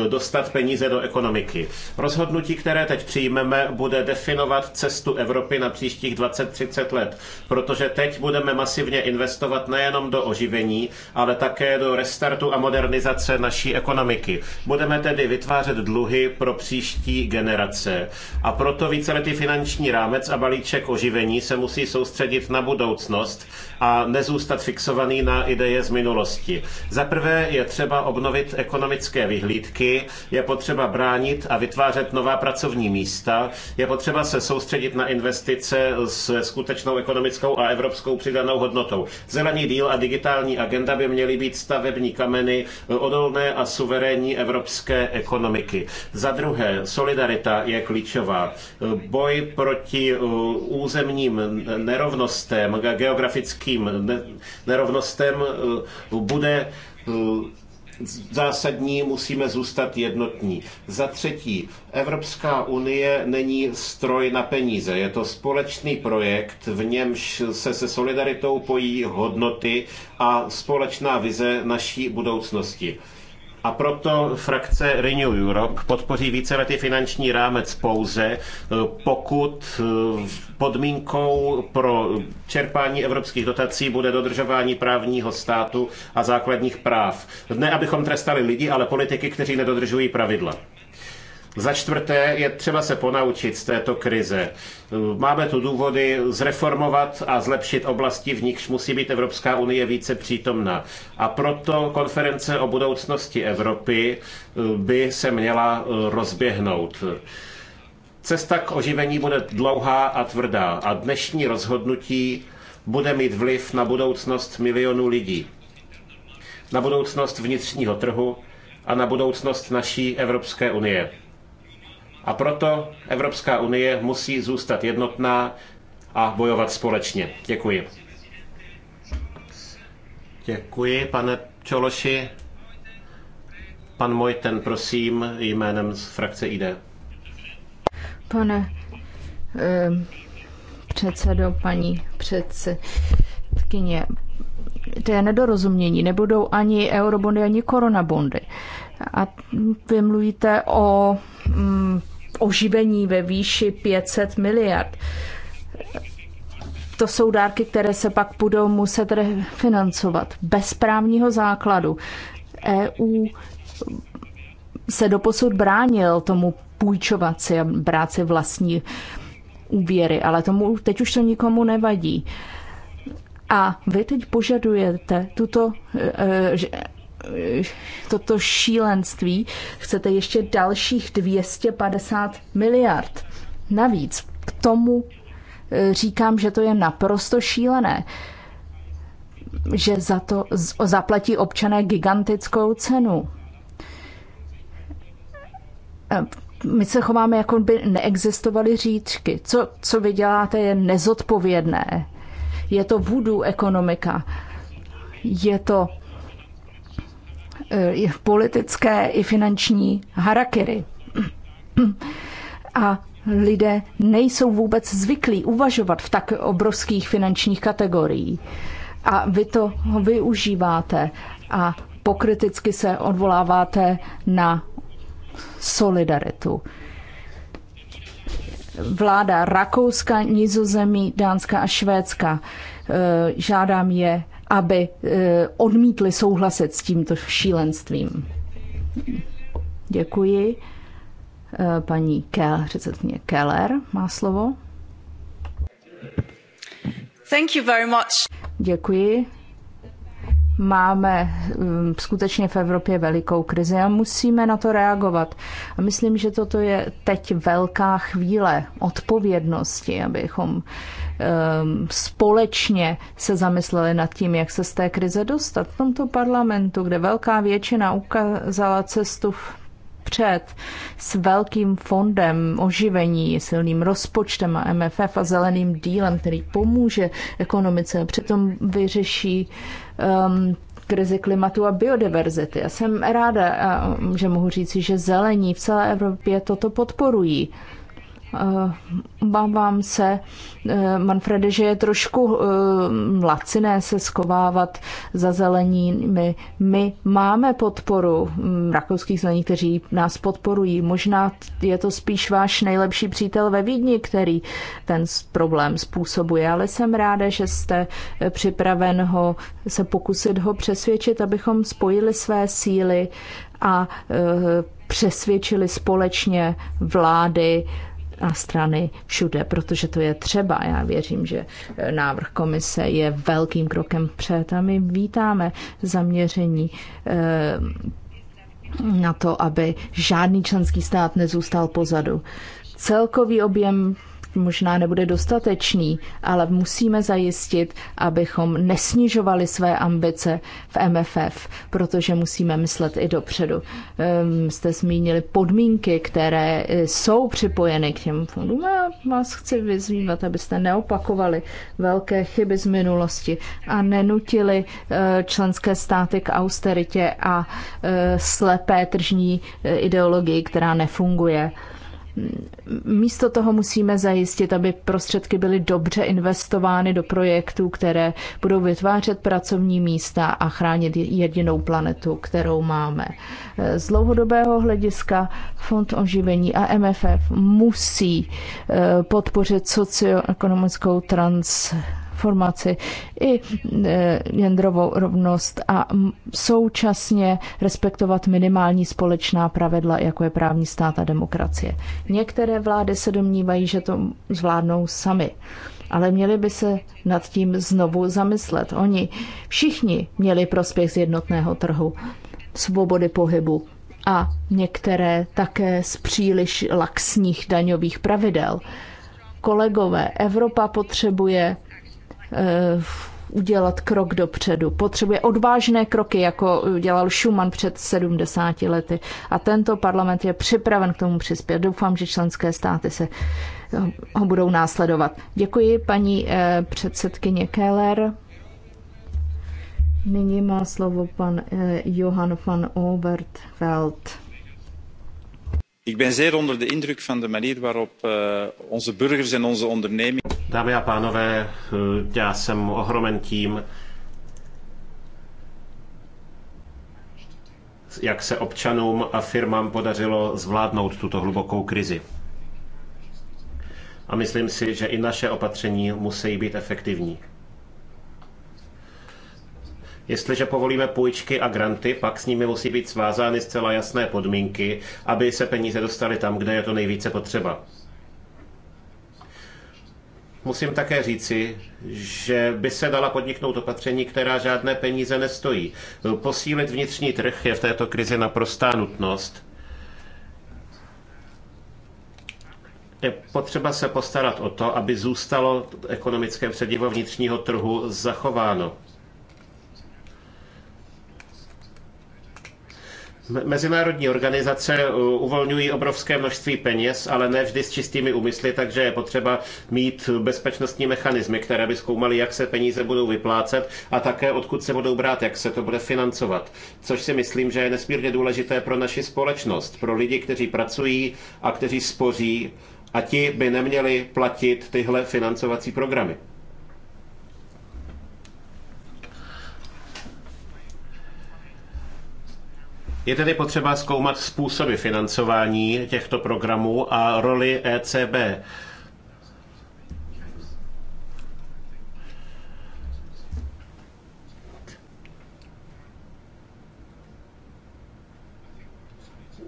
dostat peníze do ekonomiky. Roz rozhodnutí, které teď přijmeme, bude definovat cestu Evropy na příštích 20-30 let, protože teď budeme masivně investovat nejenom do oživení, ale také do restartu a modernizace naší ekonomiky. Budeme tedy vytvářet dluhy pro příští generace a proto víceletý finanční rámec a balíček oživení se musí soustředit na budoucnost a nezůstat fixovaný na ideje z minulosti. Za prvé je třeba obnovit ekonomické vyhlídky, je potřeba bránit a vytvářet vytvářet nová pracovní místa. Je potřeba se soustředit na investice s skutečnou ekonomickou a evropskou přidanou hodnotou. Zelený díl a digitální agenda by měly být stavební kameny odolné a suverénní evropské ekonomiky. Za druhé, solidarita je klíčová. Boj proti uh, územním nerovnostem, geografickým nerovnostem uh, bude uh, zásadní, musíme zůstat jednotní. Za třetí, Evropská unie není stroj na peníze. Je to společný projekt, v němž se se solidaritou pojí hodnoty a společná vize naší budoucnosti. A proto frakce Renew Europe podpoří víceletý finanční rámec pouze, e, pokud e, podmínkou pro čerpání evropských dotací bude dodržování právního státu a základních práv. Ne, abychom trestali lidi, ale politiky, kteří nedodržují pravidla. Za čtvrté je třeba se ponaučit z této krize. Máme tu důvody zreformovat a zlepšit oblasti, v nichž musí být Evropská unie více přítomná. A proto konference o budoucnosti Evropy eh, by se měla eh, rozběhnout. Cesta k oživení bude dlouhá a tvrdá a dnešní rozhodnutí bude mít vliv na budoucnost milionů lidí, na budoucnost vnitřního trhu a na budoucnost naší Evropské unie. A proto Evropská unie musí zůstat jednotná a bojovat společně. Děkuji. Děkuji, pane Čološi. Pan Mojten, prosím, jménem z frakce ID. Pane eh, předsedo, paní předsedkyně, to je nedorozumění. Nebudou ani eurobondy, ani koronabondy. A vy mluvíte o mm, oživení ve výši 500 miliard. To jsou dárky, které se pak budou muset refinancovat bez právního základu. EU se doposud bránil tomu půjčovat si a brát si vlastní úvěry, ale tomu teď už to nikomu nevadí. A vy teď požadujete tuto, e, e, Eh, toto šílenství chcete ještě dalších 250 miliard. Navíc k tomu eh, říkám, že to je naprosto šílené, že za to zaplatí občané gigantickou cenu. Eh, my se chováme, jako by neexistovaly říčky. Co, co vy děláte, je nezodpovědné. Je to vůdů ekonomika. Je to Eh, politické i finanční harakiri A lidé nejsou vůbec zvyklí uvažovat v tak obrovských finančních kategoriích. A vy to využíváte a pokriticky se odvoláváte na solidaritu. Vláda Rakouska, Nizozemí, Dánska a Švédska. Eh, žádám je, aby eh, odmítli souhlasit s tímto šílenstvím. Děkuji. Eh, paní Kel, předsedkyně Keller má slovo. Thank you very much. Děkuji. Máme hm, skutečně v Evropě velikou krizi a musíme na to reagovat. A myslím, že toto je teď velká chvíle odpovědnosti, abychom Ehm, společně se zamysleli nad tím, jak se z té krize dostat. V tomto parlamentu, kde velká většina ukázala cestu před s velkým fondem oživení, silným rozpočtem a MFF a zeleným dílem, který pomůže ekonomice a přitom vyřeší um, krizi klimatu a biodiverzity. Já jsem ráda, že mohu říci, že zelení v celé Evropě toto podporují. Obávám eh, se, eh, Manfrede, že je trošku eh, laciné se skovávat za zeleními. My máme podporu hm, rakouských zelení, kteří nás podporují. Možná je to spíš váš nejlepší přítel ve Vídni, který ten problém způsobuje, ale jsem ráda, že jste připraven ho, se pokusit ho přesvědčit, abychom spojili své síly a přesvědčili společně vlády, a strany všude, protože to je třeba. Já věřím, že eh, návrh komise je velkým krokem před a my vítáme zaměření eh, na to, aby žádný členský stát nezůstal pozadu. Celkový objem možná nebude dostatečný, ale musíme zajistit, abychom nesnižovali své ambice v MFF, protože musíme myslet i dopředu. Ehm, jste zmínili podmínky, které e, jsou připojeny k těm fondům. Já vás chci vyzývat, abyste neopakovali velké chyby z minulosti a nenutili e, členské státy k austeritě a e, slepé tržní ideologii, která nefunguje. Místo toho musíme zajistit, aby prostředky byly dobře investovány do projektů, které budou vytvářet pracovní místa a chránit jedinou planetu, kterou máme. Z dlouhodobého hlediska Fond oživení a MFF musí eh, podpořit socioekonomickou trans formaci i e, genderovou rovnost a současně respektovat minimální společná pravidla, jako je právní stát a demokracie. Některé vlády se domnívají, že to zvládnou sami ale měli by se nad tím znovu zamyslet. Oni všichni měli prospěch z jednotného trhu, svobody pohybu a některé také z příliš laxních daňových pravidel. Kolegové, Evropa potřebuje Eh, udělat krok dopředu. Potřebuje odvážné kroky, jako dělal Schumann před 70 lety. A tento parlament je připraven k tomu přispět. Doufám, že členské státy se eh, ho budou následovat. Děkuji paní eh, předsedkyně Keller. Nyní má slovo pan Johan van Overtveld. Ik ben zeer onder de indruk van de manier waarop eh, onze burgers en onze ondernemingen. Dámy a pánové, eh, já jsem ohromen tím, jak se občanům a firmám podařilo zvládnout tuto hlubokou krizi. A myslím si, že i naše opatření musí být efektivní. Jestliže povolíme půjčky a granty, pak s nimi musí být svázány zcela jasné podmínky, aby se peníze dostaly tam, kde je to nejvíce potřeba. Musím také říci, že by se dala podniknout opatření, která žádné peníze nestojí. Posílit vnitřní trh je v této krizi naprostá nutnost. je potřeba se postarat o to, aby zůstalo ekonomické předivo vnitřního trhu zachováno. Mezinárodní organizace uh, uvolňují obrovské množství peněz, ale ne vždy s čistými úmysly, takže je potřeba mít bezpečnostní mechanismy, které by zkoumaly, jak se peníze budou vyplácet a také odkud se budou brát, jak se to bude financovat. Což si myslím, že je nesmírně důležité pro naši společnost, pro lidi, kteří pracují a kteří spoří a ti by neměli platit tyhle financovací programy. Je tedy potřeba zkoumat způsoby financování těchto programů a roli ECB.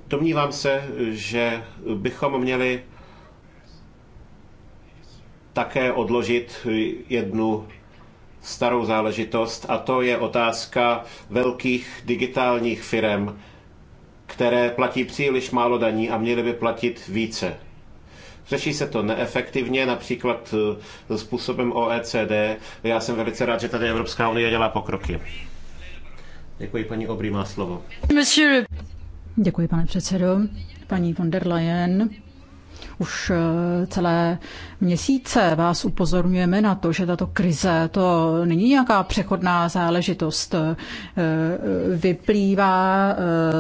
Domnívám se, že bychom měli také odložit jednu starou záležitost a to je otázka velkých digitálních firm, které platí příliš málo daní a měly by platit více. Řeší se to neefektivně, například e, způsobem OECD. Já jsem velice rád, že tady Evropská unie dělá pokroky. Děkuji, paní Obrý má slovo. Děkuji, pane předsedo. Paní von der Leyen už e, celé měsíce vás upozorňujeme na to, že tato krize to není nějaká přechodná záležitost. E, e, vyplývá e,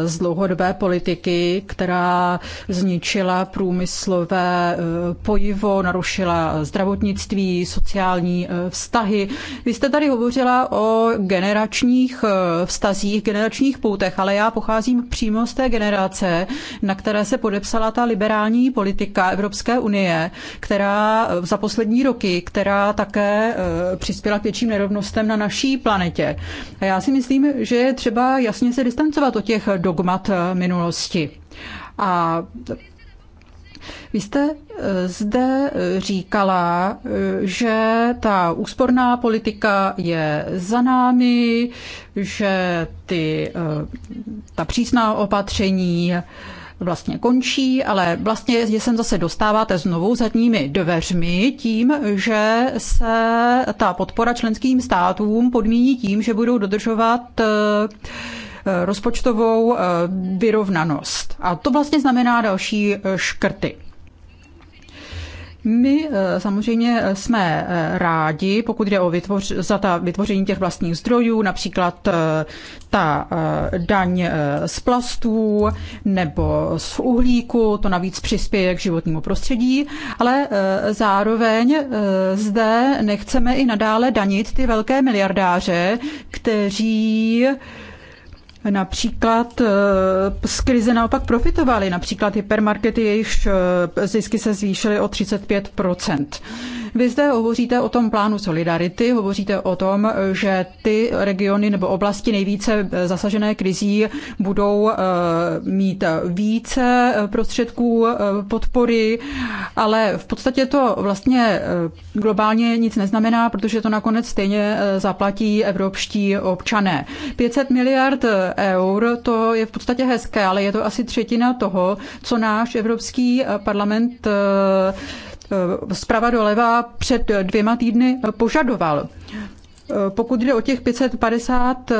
z dlouhodobé politiky, která zničila průmyslové pojivo, narušila zdravotnictví, sociální vztahy. Vy jste tady hovořila o generačních vztazích, generačních poutech, ale já pocházím přímo z té generace, na které se podepsala ta liberální politika Evropské unie, která za poslední roky, která také eh, přispěla k větším nerovnostem na naší planetě. A já si myslím, že je třeba jasně se distancovat od těch dogmat eh, minulosti. A vy jste eh, zde říkala, že ta úsporná politika je za námi, že ty, ta přísná opatření vlastně končí, ale vlastně je sem zase dostáváte znovu zadními dveřmi tím, že se ta podpora členským státům podmíní tím, že budou dodržovat eh, rozpočtovou eh, vyrovnanost. A to vlastně znamená další eh, škrty. My eh, samozřejmě eh, jsme eh, rádi, pokud jde o vytvoř, za ta vytvoření těch vlastních zdrojů, například ta daň z plastů nebo z uhlíku, to navíc přispěje k životnímu prostředí, ale zároveň zde nechceme i nadále danit ty velké miliardáře, kteří například eh, z krize naopak profitovaly, například hypermarkety, jejichž eh, zisky se zvýšily o 35 vy zde hovoříte o tom plánu solidarity, hovoříte o tom, že ty regiony nebo oblasti nejvíce zasažené krizí budou eh, mít více eh, prostředků eh, podpory, ale v podstatě to vlastně globálně nic neznamená, protože to nakonec stejně zaplatí evropští občané. 500 miliard eur, to je v podstatě hezké, ale je to asi třetina toho, co náš Evropský parlament Eh, zprava doleva před dvěma týdny požadoval. Eh, pokud jde o těch 550 eh,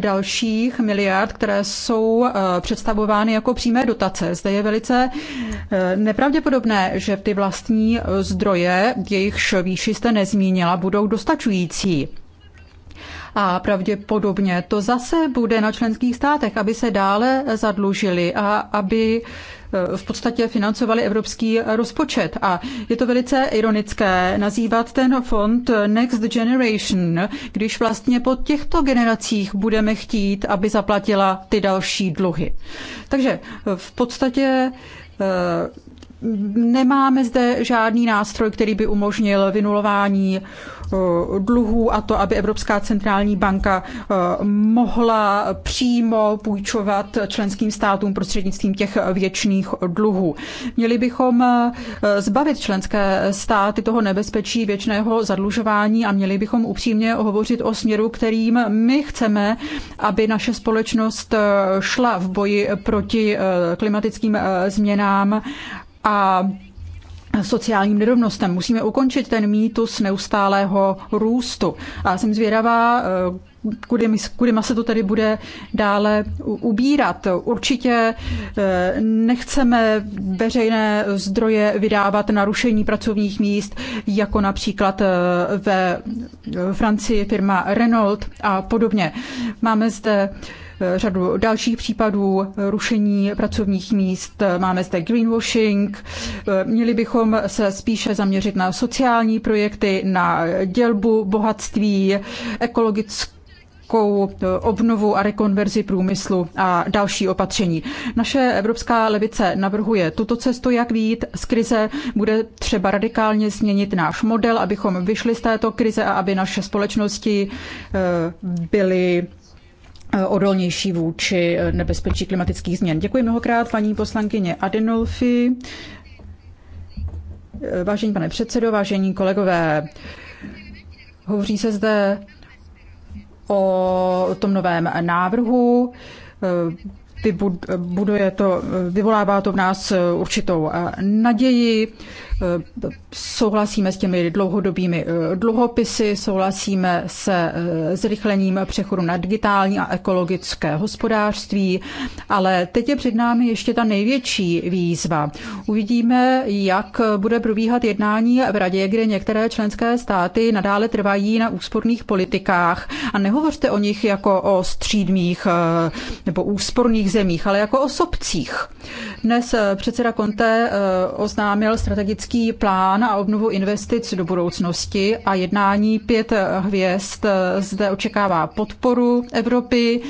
dalších miliard, které jsou představovány jako přímé dotace, zde je velice nepravděpodobné, že ty vlastní zdroje, jejichž výši jste nezmínila, budou dostačující. A pravděpodobně to zase bude na členských státech, aby se dále zadlužili a aby Eh, v podstatě financovali evropský rozpočet. A je to velice ironické nazývat ten fond Next Generation, když vlastně po těchto generacích budeme chtít, aby zaplatila ty další dluhy. Takže v podstatě eh, Nemáme zde žádný nástroj, který by umožnil vynulování eh, dluhů a to, aby Evropská centrální banka eh, mohla přímo půjčovat členským státům prostřednictvím těch věčných dluhů. Měli bychom eh, zbavit členské státy toho nebezpečí věčného zadlužování a měli bychom upřímně hovořit o směru, kterým my chceme, aby naše společnost šla v boji proti klimatickým změnám a sociálním nerovnostem. Musíme ukončit ten mýtus neustálého růstu. A jsem zvědavá, eh, kudy, kudy se to tedy bude dále ubírat. Určitě eh, nechceme veřejné zdroje vydávat na rušení pracovních míst, jako například eh, ve Francii firma Renault a podobně. Máme zde řadu dalších případů rušení pracovních míst, máme zde greenwashing. Měli bychom se spíše zaměřit na sociální projekty, na dělbu bohatství, ekologickou obnovu a rekonverzi průmyslu a další opatření. Naše evropská levice navrhuje tuto cestu, jak výjít z krize. Bude třeba radikálně změnit náš model, abychom vyšli z této krize a aby naše společnosti eh, byly Eh, odolnější vůči eh, nebezpečí klimatických změn. Děkuji mnohokrát paní poslankyně Adenolfi. Eh, vážení pane předsedo, vážení kolegové, hovoří se zde o tom novém návrhu. Buduje to, vyvolává to v nás určitou naději. Souhlasíme s těmi dlouhodobými eh, dluhopisy, souhlasíme se eh, zrychlením přechodu na digitální a ekologické hospodářství, ale teď je před námi ještě ta největší výzva. Uvidíme, jak bude probíhat jednání v radě, kde některé členské státy nadále trvají na úsporných politikách a nehovořte o nich jako o střídmých eh, nebo úsporných zemích, ale jako o sobcích. Dnes předseda Conte oznámil strategický Evropský plán a obnovu investic do budoucnosti a jednání pět hvězd eh, zde očekává podporu Evropy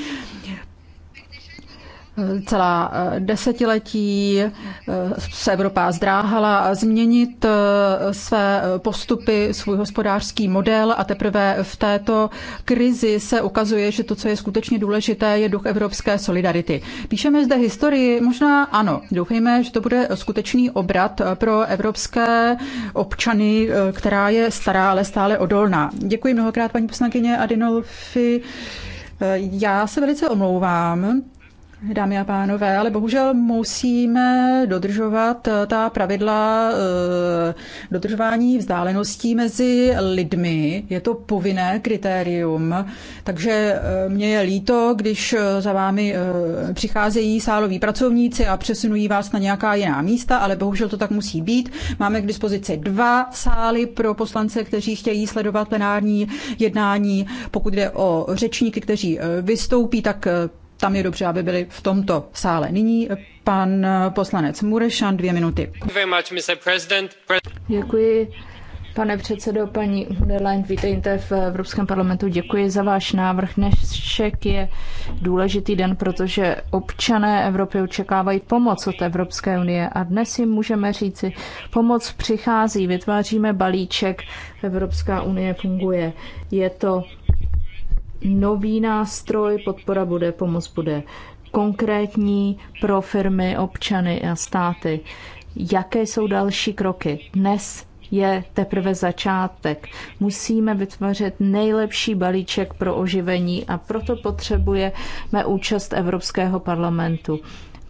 celá eh, desetiletí eh, se Evropa zdráhala změnit eh, své postupy, svůj hospodářský model a teprve v této krizi se ukazuje, že to, co je skutečně důležité, je duch evropské solidarity. Píšeme zde historii, možná ano, doufejme, že to bude skutečný obrat pro evropské občany, která je stará, ale stále odolná. Děkuji mnohokrát paní poslankyně Adinolfi. Já se velice omlouvám dámy a pánové, ale bohužel musíme dodržovat eh, ta pravidla eh, dodržování vzdáleností mezi lidmi. Je to povinné kritérium, takže eh, mě je líto, když za vámi přicházejí sáloví pracovníci a přesunují vás na nějaká jiná místa, ale bohužel to tak musí být. Máme k dispozici dva sály pro poslance, kteří chtějí sledovat plenární jednání. Pokud jde o řečníky, kteří vystoupí, tak tam je dobře, aby byli v tomto sále. Nyní pan poslanec Murešan, dvě minuty. Děkuji. Pane předsedo, paní Hunderlein, vítejte v Evropském parlamentu. Děkuji za váš návrh. Dnešek je důležitý den, protože občané Evropy očekávají pomoc od Evropské unie a dnes jim můžeme říci, pomoc přichází, vytváříme balíček, Evropská unie funguje. Je to nový nástroj, podpora bude, pomoc bude konkrétní pro firmy, občany a státy. Jaké jsou další kroky? Dnes je teprve začátek. Musíme vytvořit nejlepší balíček pro oživení a proto potřebujeme účast Evropského parlamentu.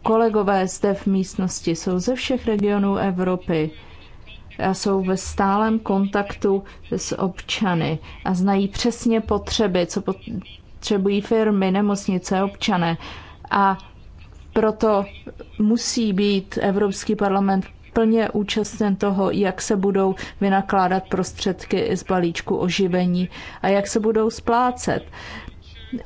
Kolegové zde v místnosti jsou ze všech regionů Evropy a jsou ve stálem kontaktu s občany a znají přesně potřeby, co potřebují firmy, nemocnice, občané. A proto musí být Evropský parlament plně účasten toho, jak se budou vynakládat prostředky z balíčku oživení a jak se budou splácet.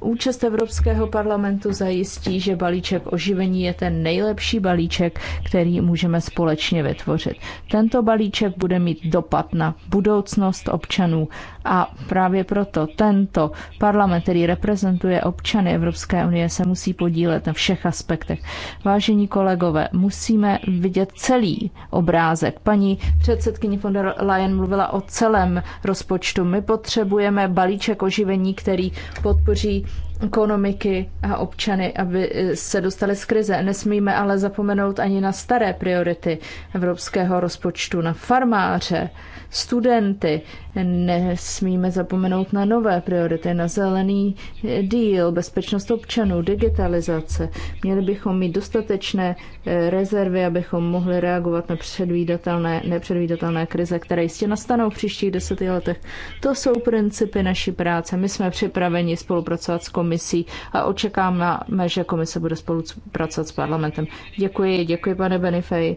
Účast Evropského parlamentu zajistí, že balíček oživení je ten nejlepší balíček, který můžeme společně vytvořit. Tento balíček bude mít dopad na budoucnost občanů a právě proto tento parlament, který reprezentuje občany Evropské unie, se musí podílet na všech aspektech. Vážení kolegové, musíme vidět celý obrázek. Paní předsedkyně von der Leyen mluvila o celém rozpočtu. My potřebujeme balíček oživení, který podpoří ekonomiky a občany, aby eh, se dostali z krize. Nesmíme ale zapomenout ani na staré priority evropského rozpočtu, na farmáře, studenty. Nesmíme zapomenout na nové priority, na zelený díl, bezpečnost občanů, digitalizace. Měli bychom mít dostatečné eh, rezervy, abychom mohli reagovat na předvídatelné, nepředvídatelné krize, které jistě nastanou v příštích deseti letech. To jsou principy naší práce. My jsme připraveni spolupracovat s komisí a očekáváme, že komise bude spolupracovat s parlamentem. Děkuji, děkuji pane Benifej.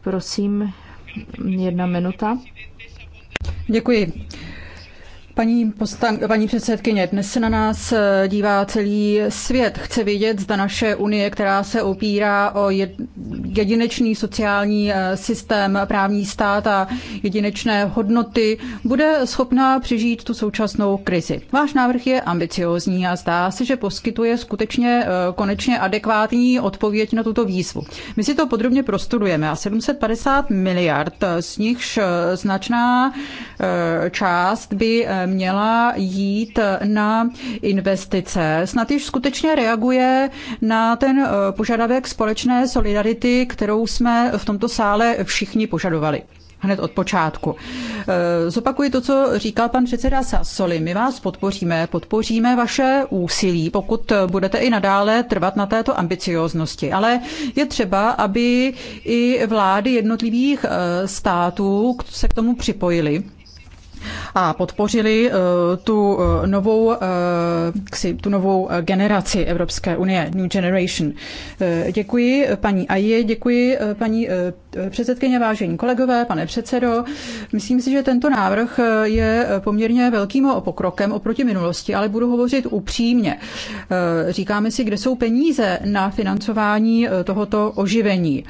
Prosím, jedna minuta. Děkuji. Paní, postan, paní předsedkyně, dnes se na nás eh, dívá celý svět. Chce vědět, zda naše unie, která se opírá o jedinečný sociální eh, systém, právní stát a jedinečné hodnoty, bude schopná přežít tu současnou krizi. Váš návrh je ambiciózní a zdá se, že poskytuje skutečně eh, konečně adekvátní odpověď na tuto výzvu. My si to podrobně prostudujeme a 750 miliard, z nichž značná část by měla jít na investice, snad již skutečně reaguje na ten eh, požadavek společné solidarity, kterou jsme v tomto sále všichni požadovali hned od počátku. Eh, zopakuji to, co říkal pan předseda Sassoli. My vás podpoříme, podpoříme vaše úsilí, pokud budete i nadále trvat na této ambicioznosti. Ale je třeba, aby i vlády jednotlivých eh, států se k tomu připojily a podpořili eh, tu eh, novou, eh, ksi, tu novou generaci Evropské unie, New Generation. Děkuji paní Aje, děkuji paní Eh, předsedkyně, vážení kolegové, pane předsedo, myslím si, že tento návrh eh, je eh, poměrně velkým pokrokem oproti minulosti, ale budu hovořit upřímně. Říkáme si, kde jsou peníze na financování tohoto oživení.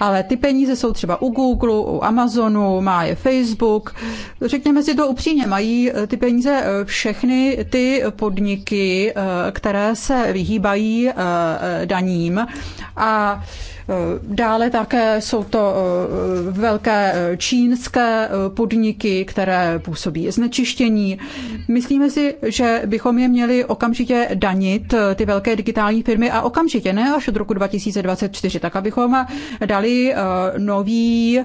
Ale ty peníze jsou třeba u Google, u Amazonu, má je Facebook. Řekněme si to upřímně, mají ty peníze všechny ty podniky, které se vyhýbají daním a Eh, dále také jsou to eh, velké eh, čínské podniky, které působí znečištění. Myslíme si, že bychom je měli okamžitě danit, ty velké digitální firmy, a okamžitě, ne až od roku 2024, tak abychom dali nový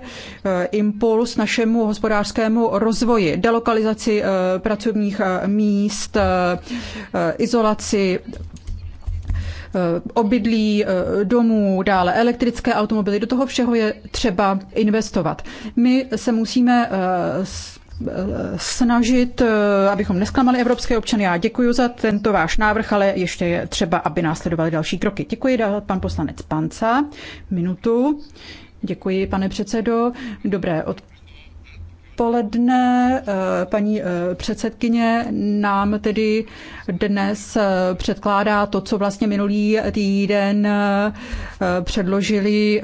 impuls našemu hospodářskému rozvoji, delokalizaci pracovních míst, izolaci Eh, obydlí, eh, domů, dále elektrické automobily. Do toho všeho je třeba investovat. My se musíme eh, snažit, abychom nesklamali evropské občany. Já děkuji za tento váš návrh, ale ještě je třeba, aby následovaly další kroky. Děkuji, dál pan poslanec Panca. Minutu. Děkuji, pane předsedo. Dobré odpoledne odpoledne. Eh, paní eh, předsedkyně nám tedy dnes eh, předkládá to, co vlastně minulý týden předložili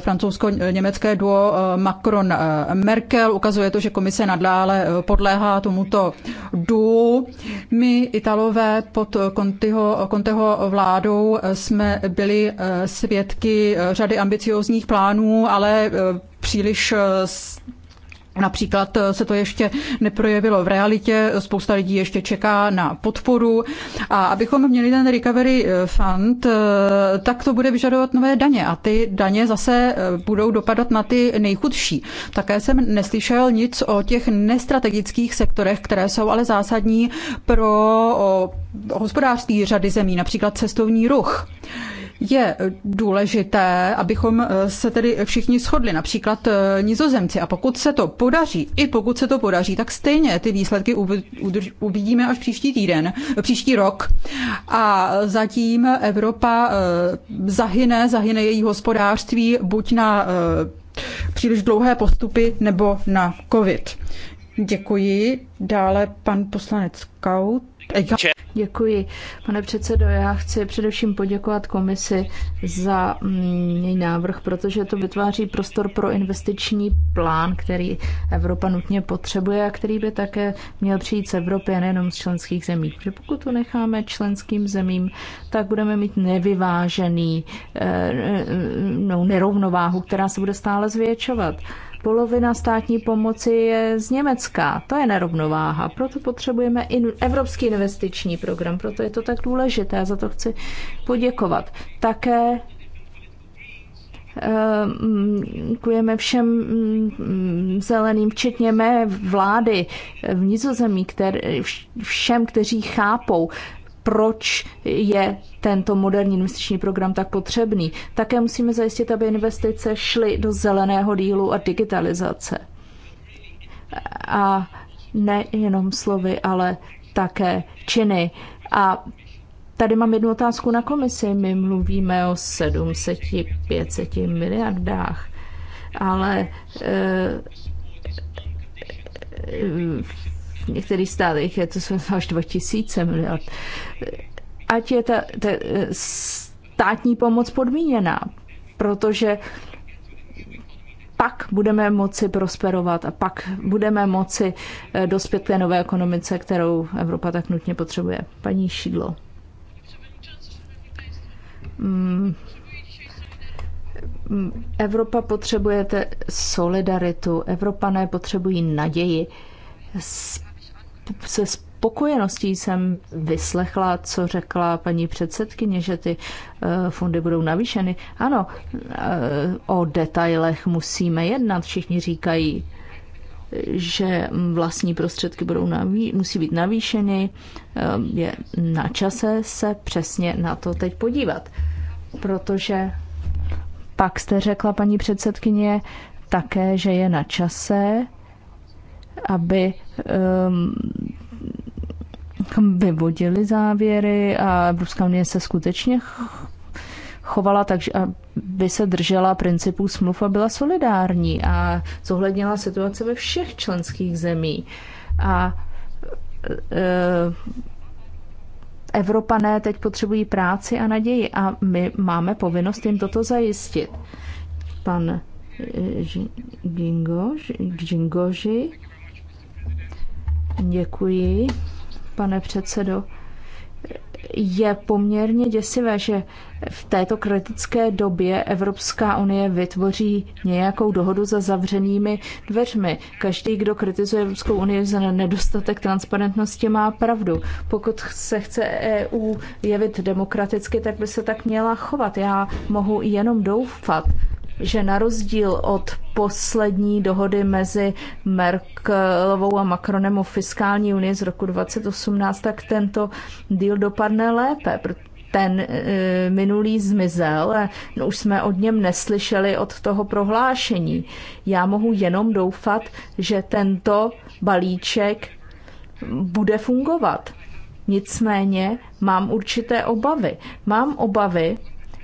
francouzsko-německé duo Macron-Merkel. Ukazuje to, že komise nadále podléhá tomuto duo. My Italové pod Conteho, Conteho vládou jsme byli svědky řady ambiciozních plánů, ale příliš Například eh, se to ještě neprojevilo v realitě, spousta lidí ještě čeká na podporu a abychom měli ten recovery eh, fund, eh, tak to bude vyžadovat nové daně a ty daně zase budou dopadat na ty nejchudší. Také jsem neslyšel nic o těch nestrategických sektorech, které jsou ale zásadní pro hospodářství řady zemí, například cestovní ruch. Je důležité, abychom eh, se tedy všichni shodli, například eh, nizozemci. A pokud se to podaří, i pokud se to podaří, tak stejně ty výsledky uvidíme až příští týden, příští rok. A zatím Evropa eh, zahyne, zahyne její hospodářství buď na příliš dlouhé postupy nebo na COVID. Děkuji. Dále pan poslanec Kaut. Děkuji, pane předsedo. Já chci především poděkovat komisi za mm, její návrh, protože to vytváří prostor pro investiční plán, který Evropa nutně potřebuje a který by také měl přijít z Evropy a nejenom z členských zemí. Protože pokud to necháme členským zemím, tak budeme mít nevyvážený eh, eh, no, nerovnováhu, která se bude stále zvětšovat polovina státní pomoci je z Německa. To je nerovnováha. Proto potřebujeme i Evropský investiční program, proto je to tak důležité. Za to chci poděkovat. Také eh, děkujeme všem mm, zeleným, včetně mé vlády v Nizozemí, kter, všem, kteří chápou proč je tento moderní investiční program tak potřebný. Také musíme zajistit, aby investice šly do zeleného dílu a digitalizace. A ne jenom slovy, ale také činy. A tady mám jednu otázku na komisi. My mluvíme o 700-500 miliardách, ale e, e, v některých je to až 2000 miliard. Ať je ta, ta státní pomoc podmíněná, protože pak budeme moci prosperovat a pak budeme moci eh, dospět té nové ekonomice, kterou Evropa tak nutně potřebuje. Paní Šidlo. Mm. Mm, Evropa potřebuje solidaritu, Evropané potřebují naději se spokojeností jsem vyslechla, co řekla paní předsedkyně, že ty eh, fondy budou navýšeny. Ano, eh, o detailech musíme jednat. Všichni říkají, že vlastní prostředky budou naví- musí být navýšeny. Eh, je na čase se přesně na to teď podívat. Protože pak jste řekla, paní předsedkyně, také, že je na čase aby um, vyvodili závěry a Evropská unie se skutečně chovala tak, aby se držela principů smluv a byla solidární a zohlednila situace ve všech členských zemí. A eh, Evropané teď potřebují práci a naději a my máme povinnost jim toto zajistit. Pan eh, Gingoži, Gingoži Děkuji, pane předsedo. Je poměrně děsivé, že v této kritické době Evropská unie vytvoří nějakou dohodu za zavřenými dveřmi. Každý, kdo kritizuje Evropskou unii za nedostatek transparentnosti, má pravdu. Pokud se chce EU jevit demokraticky, tak by se tak měla chovat. Já mohu jenom doufat, že na rozdíl od poslední dohody mezi Merkelovou a Macronem o fiskální unii z roku 2018, tak tento díl dopadne lépe, ten e, minulý zmizel, no, už jsme od něm neslyšeli od toho prohlášení. Já mohu jenom doufat, že tento balíček bude fungovat. Nicméně mám určité obavy. Mám obavy,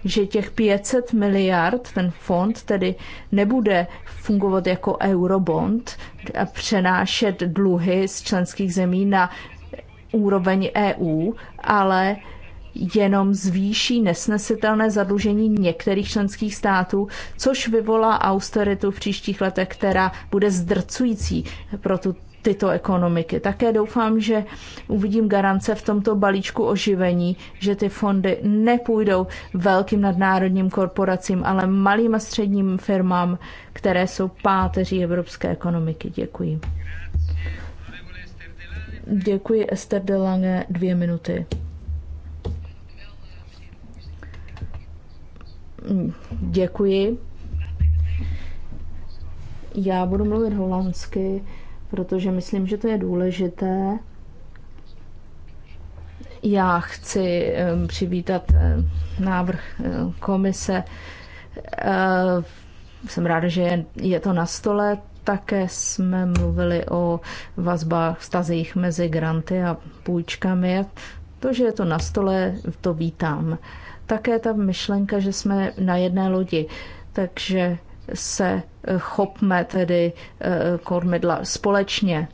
že těch 500 miliard, ten fond, tedy nebude fungovat jako eurobond a přenášet dluhy z členských zemí na úroveň EU, ale jenom zvýší nesnesitelné zadlužení některých členských států, což vyvolá austeritu v příštích letech, která bude zdrcující pro tu tyto ekonomiky. Také doufám, že uvidím garance v tomto balíčku oživení, že ty fondy nepůjdou velkým nadnárodním korporacím, ale malým a středním firmám, které jsou páteří evropské ekonomiky. Děkuji. Děkuji Esther de Lange, dvě minuty. Děkuji. Já budu mluvit holandsky protože myslím, že to je důležité. Já chci přivítat návrh komise. Jsem ráda, že je to na stole. Také jsme mluvili o vazbách, vztazích mezi granty a půjčkami. To, že je to na stole, to vítám. Také ta myšlenka, že jsme na jedné lodi. Takže se eh, chopme tedy eh, kormidla společně.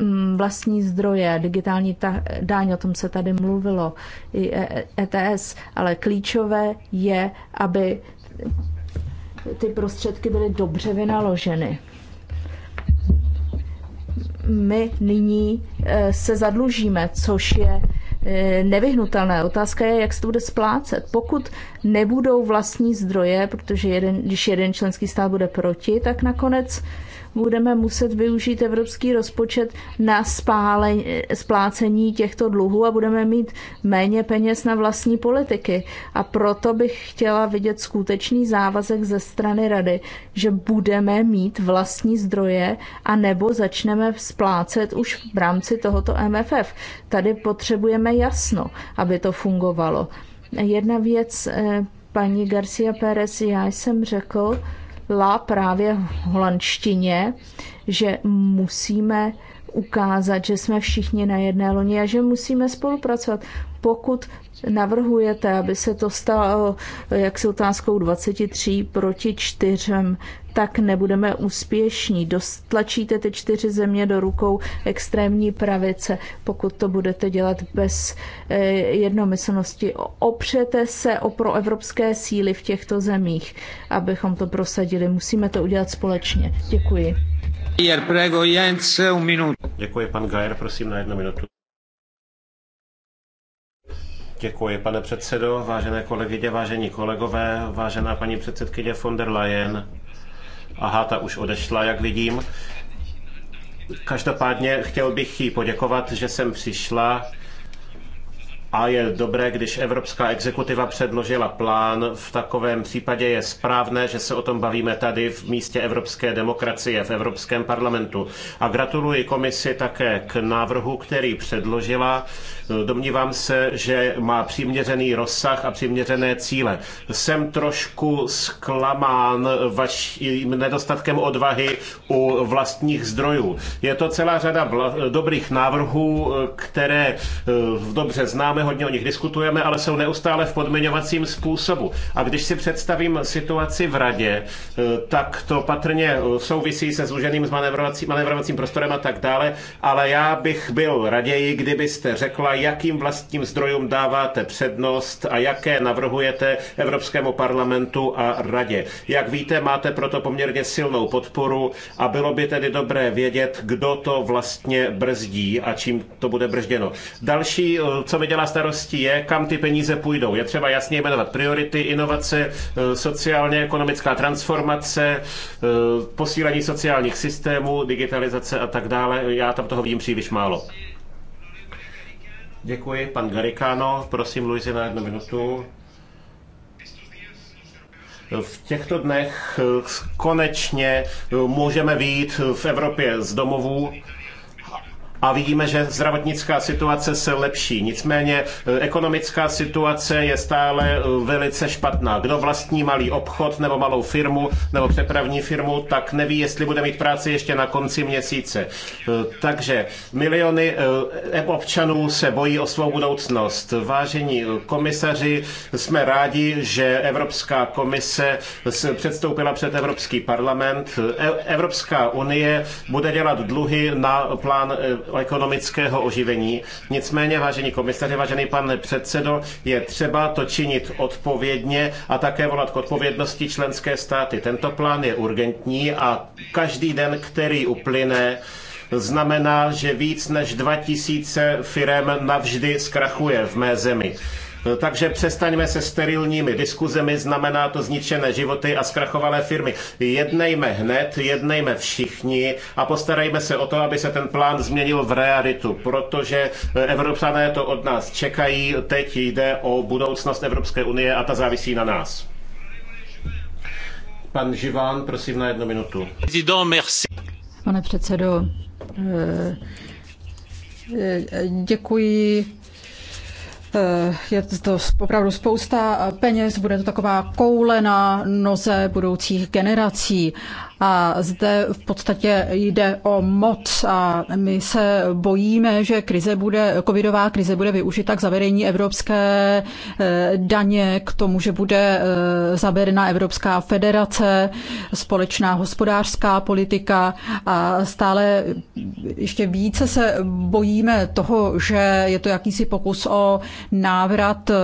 Mm, vlastní zdroje, digitální ta- o tom se tady mluvilo, i ETS, e, e ale klíčové je, aby ty prostředky byly dobře vynaloženy. My nyní eh, se zadlužíme, což je E, nevyhnutelné. Otázka je, jak se to bude splácet. Pokud nebudou vlastní zdroje, protože jeden, když jeden členský stát bude proti, tak nakonec budeme muset využít evropský rozpočet na spále, splácení těchto dluhů a budeme mít méně peněz na vlastní politiky. A proto bych chtěla vidět skutečný závazek ze strany rady, že budeme mít vlastní zdroje a nebo začneme splácet už v rámci tohoto MFF. Tady potřebujeme jasno, aby to fungovalo. Jedna věc, eh, paní Garcia Pérez, já jsem řekl, la právě v holandštině, že musíme ukázat, že jsme všichni na jedné loni a že musíme spolupracovat. Pokud navrhujete, aby se to stalo eh, jak jaksi otázkou 23 proti 4 tak nebudeme úspěšní. Dostlačíte ty čtyři země do rukou extrémní pravice, pokud to budete dělat bez eh, jednomyslnosti. Opřete se o proevropské síly v těchto zemích, abychom to prosadili. Musíme to udělat společně. Děkuji. Děkuji, pan Gajer, prosím na jednu minutu. Děkuji, pane předsedo, vážené kolegyně, vážení kolegové, vážená paní předsedkyně von der Leyen. Aha, ta už odešla, jak vidím. Každopádně chtěl bych jí poděkovat, že jsem přišla a je dobré, když Evropská exekutiva předložila plán. V takovém případě je správné, že se o tom bavíme tady v místě evropské demokracie, v Evropském parlamentu. A gratuluji komisi také k návrhu, který předložila. Domnívám se, že má přiměřený rozsah a přiměřené cíle. Jsem trošku zklamán vaším nedostatkem odvahy u vlastních zdrojů. Je to celá řada dobrých návrhů, které eh, dobře známe, hodně o nich diskutujeme, ale jsou neustále v podmiňovacím způsobu. A když si představím situaci v radě, eh, tak to patrně eh, souvisí se zúženým manévrovací, manévrovacím prostorem a tak dále, ale já bych byl raději, kdybyste řekla, jakým vlastním zdrojům dáváte přednost a jaké navrhujete Evropskému parlamentu a radě. Jak víte, máte proto poměrně silnou podporu a bylo by tedy dobré vědět, kdo to vlastně brzdí a čím to bude brzděno. Další, eh, co mi dělá starostí je, kam ty peníze půjdou. Je třeba jasně jmenovat priority, inovace, eh, sociálně ekonomická transformace, eh, posílení sociálních systémů, digitalizace a tak dále. Já tam toho vím příliš málo. Děkuji, pan Garikano. Prosím, Luizi, na jednu minutu. V těchto dnech eh, konečně můžeme výjít v Evropě z domovů a vidíme, že zdravotnická situace se lepší. Nicméně e, ekonomická situace je stále e, velice špatná. Kdo vlastní malý obchod nebo malou firmu nebo přepravní firmu, tak neví, jestli bude mít práci ještě na konci měsíce. E, takže miliony občanů se bojí o svou budoucnost. Vážení komisaři, jsme rádi, že Evropská komise předstoupila před Evropský parlament. Evropská unie bude dělat dluhy na plán ekonomického oživení. Nicméně, vážení komisaři, vážený pane předsedo, je třeba to činit odpovědně a také volat k odpovědnosti členské státy. Tento plán je urgentní a každý den, který uplyne, znamená, že víc než 2000 firem navždy zkrachuje v mé zemi. Eh, takže přestaňme se sterilními diskuzemi, znamená to zničené životy a zkrachovalé firmy. Jednejme hned, jednejme všichni a postarejme se o to, aby se ten plán změnil v realitu, protože eh, Evropané to od nás čekají. Teď jde o budoucnost Evropské unie a ta závisí na nás. Pan Živán, prosím na jednu minutu. Pane předsedo, eh, děkuji Eh, je to opravdu spousta peněz, bude to taková koule na noze budoucích generací. A zde v podstatě jde o moc a my se bojíme, že krize bude, covidová krize bude využita k zavedení evropské eh, daně, k tomu, že bude eh, zavedena Evropská federace, společná hospodářská politika a stále ještě více se bojíme toho, že je to jakýsi pokus o návrat eh,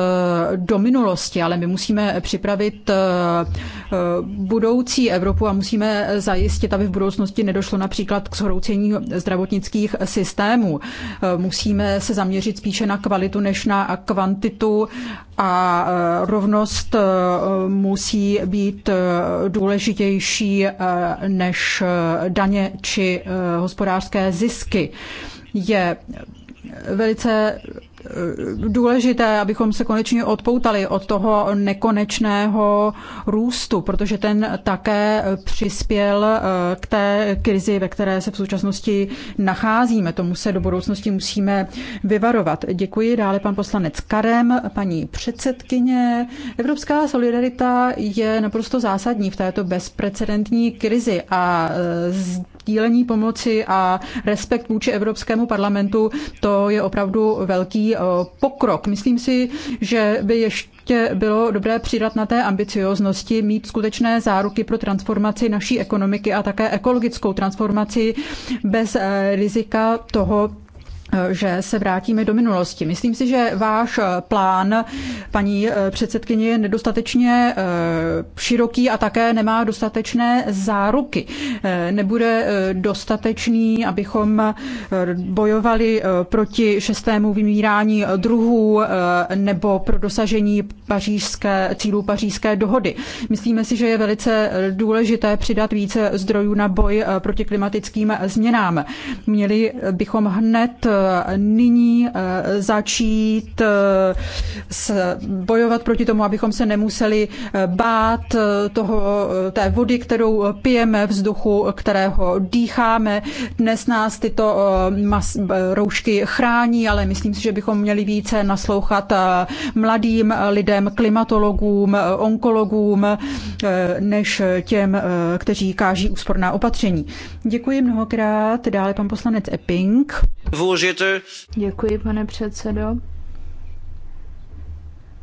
do minulosti, ale my musíme připravit budoucí Evropu a musíme zajistit, aby v budoucnosti nedošlo například k zhroucení zdravotnických systémů. Musíme se zaměřit spíše na kvalitu než na kvantitu a rovnost musí být důležitější než daně či hospodářské zisky. Je velice důležité, abychom se konečně odpoutali od toho nekonečného růstu, protože ten také přispěl eh, k té krizi, ve které se v současnosti nacházíme. Tomu se do budoucnosti musíme vyvarovat. Děkuji. Dále pan poslanec Karem, paní předsedkyně. Evropská solidarita je naprosto zásadní v této bezprecedentní krizi a eh, sdílení pomoci a respekt vůči Evropskému parlamentu, to je opravdu velký eh, pokrok. Myslím si, že by ještě bylo dobré přidat na té ambicioznosti, mít skutečné záruky pro transformaci naší ekonomiky a také ekologickou transformaci bez eh, rizika toho, že se vrátíme do minulosti. Myslím si, že váš plán, paní eh, předsedkyně, je nedostatečně eh, široký a také nemá dostatečné záruky. Eh, nebude dostatečný, abychom bojovali proti šestému vymírání druhů nebo pro dosažení pařížské, cílů pařížské dohody. Myslíme si, že je velice důležité přidat více zdrojů na boj proti klimatickým změnám. Měli bychom hned nyní eh, začít eh, bojovat proti tomu, abychom se nemuseli eh, bát toho, té vody, kterou pijeme, vzduchu, kterého dýcháme. Dnes nás tyto mas, roušky chrání, ale myslím si, že bychom měli více naslouchat mladým lidem, klimatologům, onkologům, než těm, kteří káží úsporná opatření. Děkuji mnohokrát. Dále pan poslanec Epping. Vůži Děkuji, pane předsedo.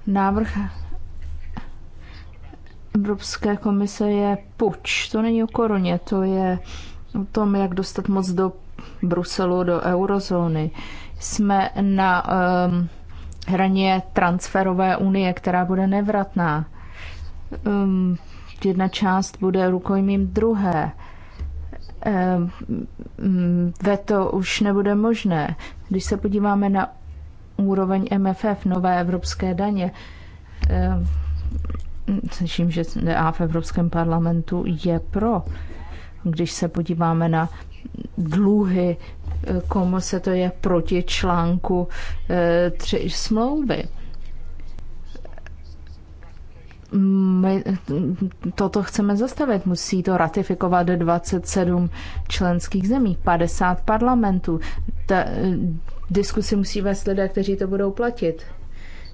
Návrh Evropské komise je puč. To není o koruně, to je o tom, jak dostat moc do Bruselu, do eurozóny. Jsme na um, hraně transferové unie, která bude nevratná. Um, jedna část bude rukojmím druhé. Ehm, mm, veto už nebude možné. Když se podíváme na úroveň MFF, nové evropské daně, ehm, slyším, že a v Evropském parlamentu je pro. Když se podíváme na dluhy e, komu se to je proti článku e, tři smlouvy my toto chceme zastavit. Musí to ratifikovat 27 členských zemí, 50 parlamentů. Ta, eh, diskusi musí vést lidé, kteří to budou platit.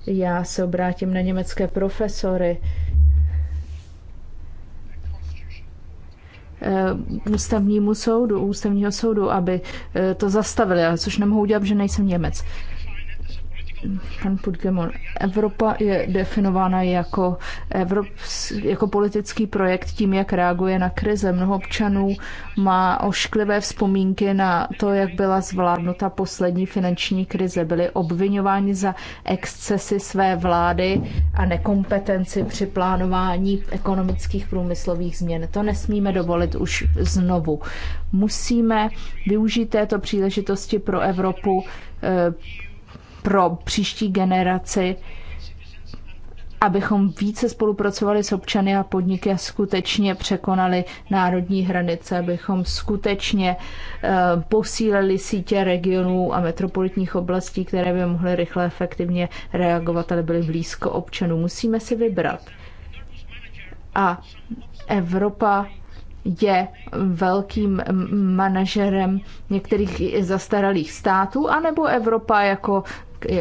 Já se obrátím na německé profesory. Eh, ústavnímu soudu, ústavního soudu, aby eh, to zastavili, což nemohu udělat, že nejsem Němec pan Putgemon. Evropa je definována jako, Evrops, jako politický projekt tím, jak reaguje na krize. Mnoho občanů má ošklivé vzpomínky na to, jak byla zvládnuta poslední finanční krize. Byli obvinováni za excesy své vlády a nekompetenci při plánování ekonomických průmyslových změn. To nesmíme dovolit už znovu. Musíme využít této příležitosti pro Evropu eh, pro příští generaci, abychom více spolupracovali s občany a podniky a skutečně překonali národní hranice, abychom skutečně eh, posílili sítě regionů a metropolitních oblastí, které by mohly rychle efektivně reagovat, ale byly blízko občanů. Musíme si vybrat. A Evropa je velkým manažerem některých zastaralých států, anebo Evropa jako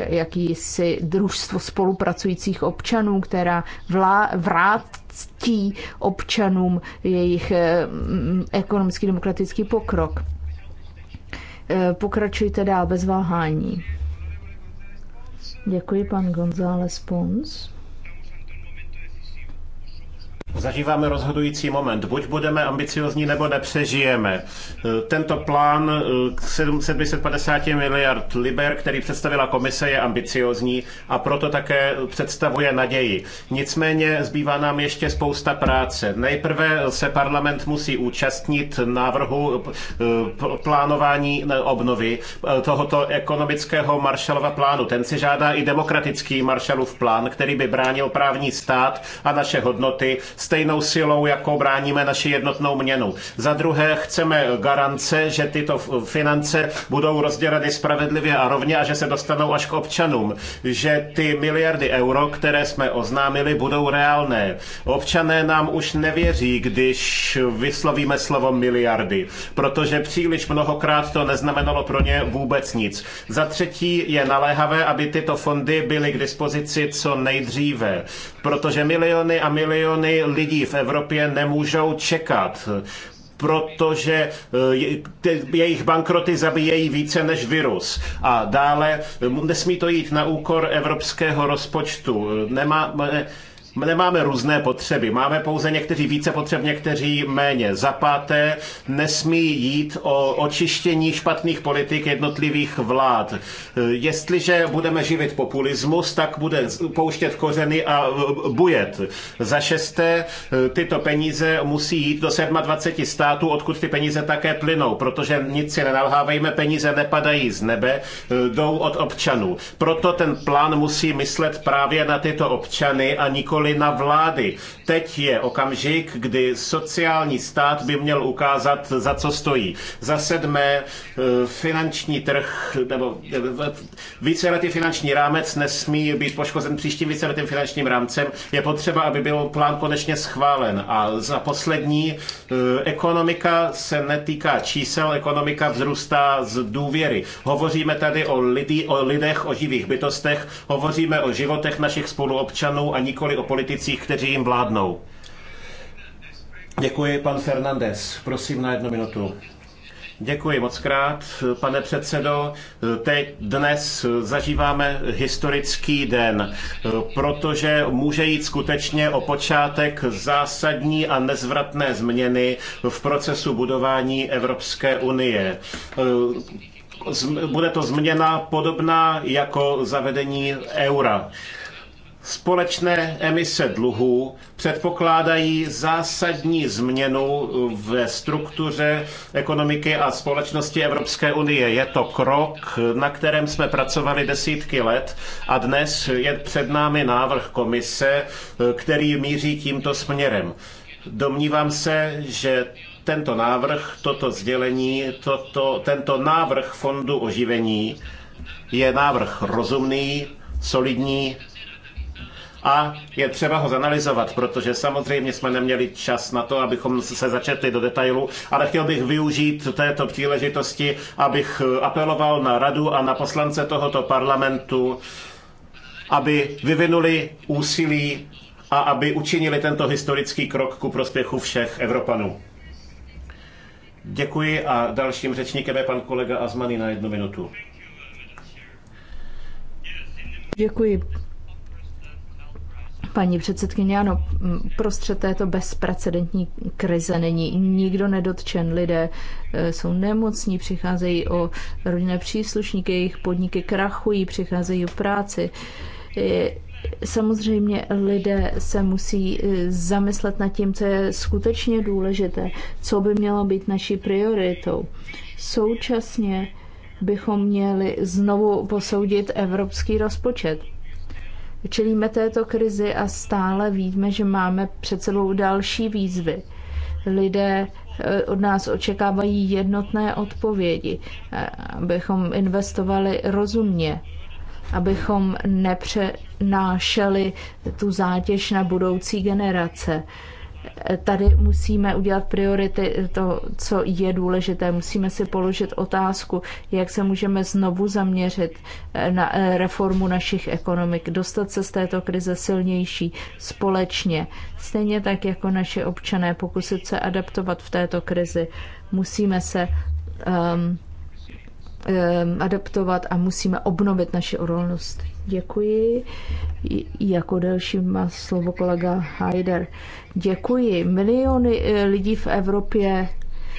jakýsi družstvo spolupracujících občanů, která vlá, ctí občanům jejich eh, ekonomický demokratický pokrok. Eh, pokračujte dál bez váhání. Děkuji, pan González Pons. Zažíváme rozhodující moment. Buď budeme ambiciozní, nebo nepřežijeme. E, tento plán 750 e, miliard liber, který představila komise, je ambiciozní a proto také představuje naději. Nicméně zbývá nám ještě spousta práce. Nejprve se parlament musí účastnit návrhu e, plánování obnovy tohoto ekonomického maršalova plánu. Ten si žádá i demokratický Marshallův plán, který by bránil právní stát a naše hodnoty stejnou silou, jako bráníme naši jednotnou měnu. Za druhé chceme garance, že tyto finance budou rozděleny spravedlivě a rovně a že se dostanou až k občanům, že ty miliardy euro, které jsme oznámili, budou reálné. Občané nám už nevěří, když vyslovíme slovo miliardy, protože příliš mnohokrát to neznamenalo pro ně vůbec nic. Za třetí je naléhavé, aby tyto fondy byly k dispozici co nejdříve protože miliony a miliony lidí v Evropě nemůžou čekat protože eh, jejich bankroty zabíjejí více než virus. A dále nesmí to jít na úkor evropského rozpočtu. Nemá, eh, nemáme různé potřeby. Máme pouze někteří více potřeb, někteří méně. Za páté, nesmí jít o očištění špatných politik jednotlivých vlád. Jestliže budeme živit populismus, tak bude pouštět kořeny a e, bujet. Za šesté, e, tyto peníze musí jít do 27 států, odkud ty peníze také plynou, protože nic si nenalhávejme, peníze nepadají z nebe, e, jdou od občanů. Proto ten plán musí myslet právě na tyto občany a nikoli na vlády. Teď je okamžik, kdy sociální stát by měl ukázat, za co stojí. Za sedmé, eh, finanční trh, nebo eh, víceletý finanční rámec nesmí být poškozen příštím víceletým finančním rámcem. Je potřeba, aby byl plán konečně schválen. A za poslední, eh, ekonomika se netýká čísel, ekonomika vzrůstá z důvěry. Hovoříme tady o, lidi, o lidech, o živých bytostech, hovoříme o životech našich spoluobčanů a nikoli o politicích, kteří jim vládnou. Děkuji, pan Fernandez. Prosím na jednu minutu. Děkuji moc krát, pane předsedo. Teď dnes zažíváme historický den, protože může jít skutečně o počátek zásadní a nezvratné změny v procesu budování Evropské unie bude to změna podobná jako zavedení eura. Společné emise dluhů předpokládají zásadní změnu ve struktuře ekonomiky a společnosti Evropské unie. Je to krok, na kterém jsme pracovali desítky let a dnes je před námi návrh komise, který míří tímto směrem. Domnívám se, že tento návrh, toto sdělení, toto, tento návrh fondu oživení je návrh rozumný, solidní a je třeba ho zanalizovat, protože samozřejmě jsme neměli čas na to, abychom se začetli do detailu, ale chtěl bych využít této příležitosti, abych apeloval na radu a na poslance tohoto parlamentu, aby vyvinuli úsilí a aby učinili tento historický krok ku prospěchu všech Evropanů. Děkuji a dalším řečníkem je pan kolega Azmany na jednu minutu. Děkuji, Paní předsedkyně, ano, prostřed této bezprecedentní krize není nikdo nedotčen. Lidé e, jsou nemocní, přicházejí o rodinné příslušníky, jejich podniky krachují, přicházejí o práci. E, samozřejmě lidé se musí e, zamyslet nad tím, co je skutečně důležité, co by mělo být naší prioritou. Současně bychom měli znovu posoudit evropský rozpočet Čelíme této krizi a stále víme, že máme před sebou další výzvy. Lidé eh, od nás očekávají jednotné odpovědi, eh, abychom investovali rozumně, abychom nepřenášeli tu zátěž na budoucí generace, Tady musíme udělat priority to, co je důležité. Musíme si položit otázku, jak se můžeme znovu zaměřit eh, na eh, reformu našich ekonomik, dostat se z této krize silnější společně, stejně tak jako naše občané, pokusit se adaptovat v této krizi. Musíme se um, um, adaptovat a musíme obnovit naši odolnost. Děkuji. Jako další má slovo kolega Haider. Děkuji. Miliony eh, lidí v Evropě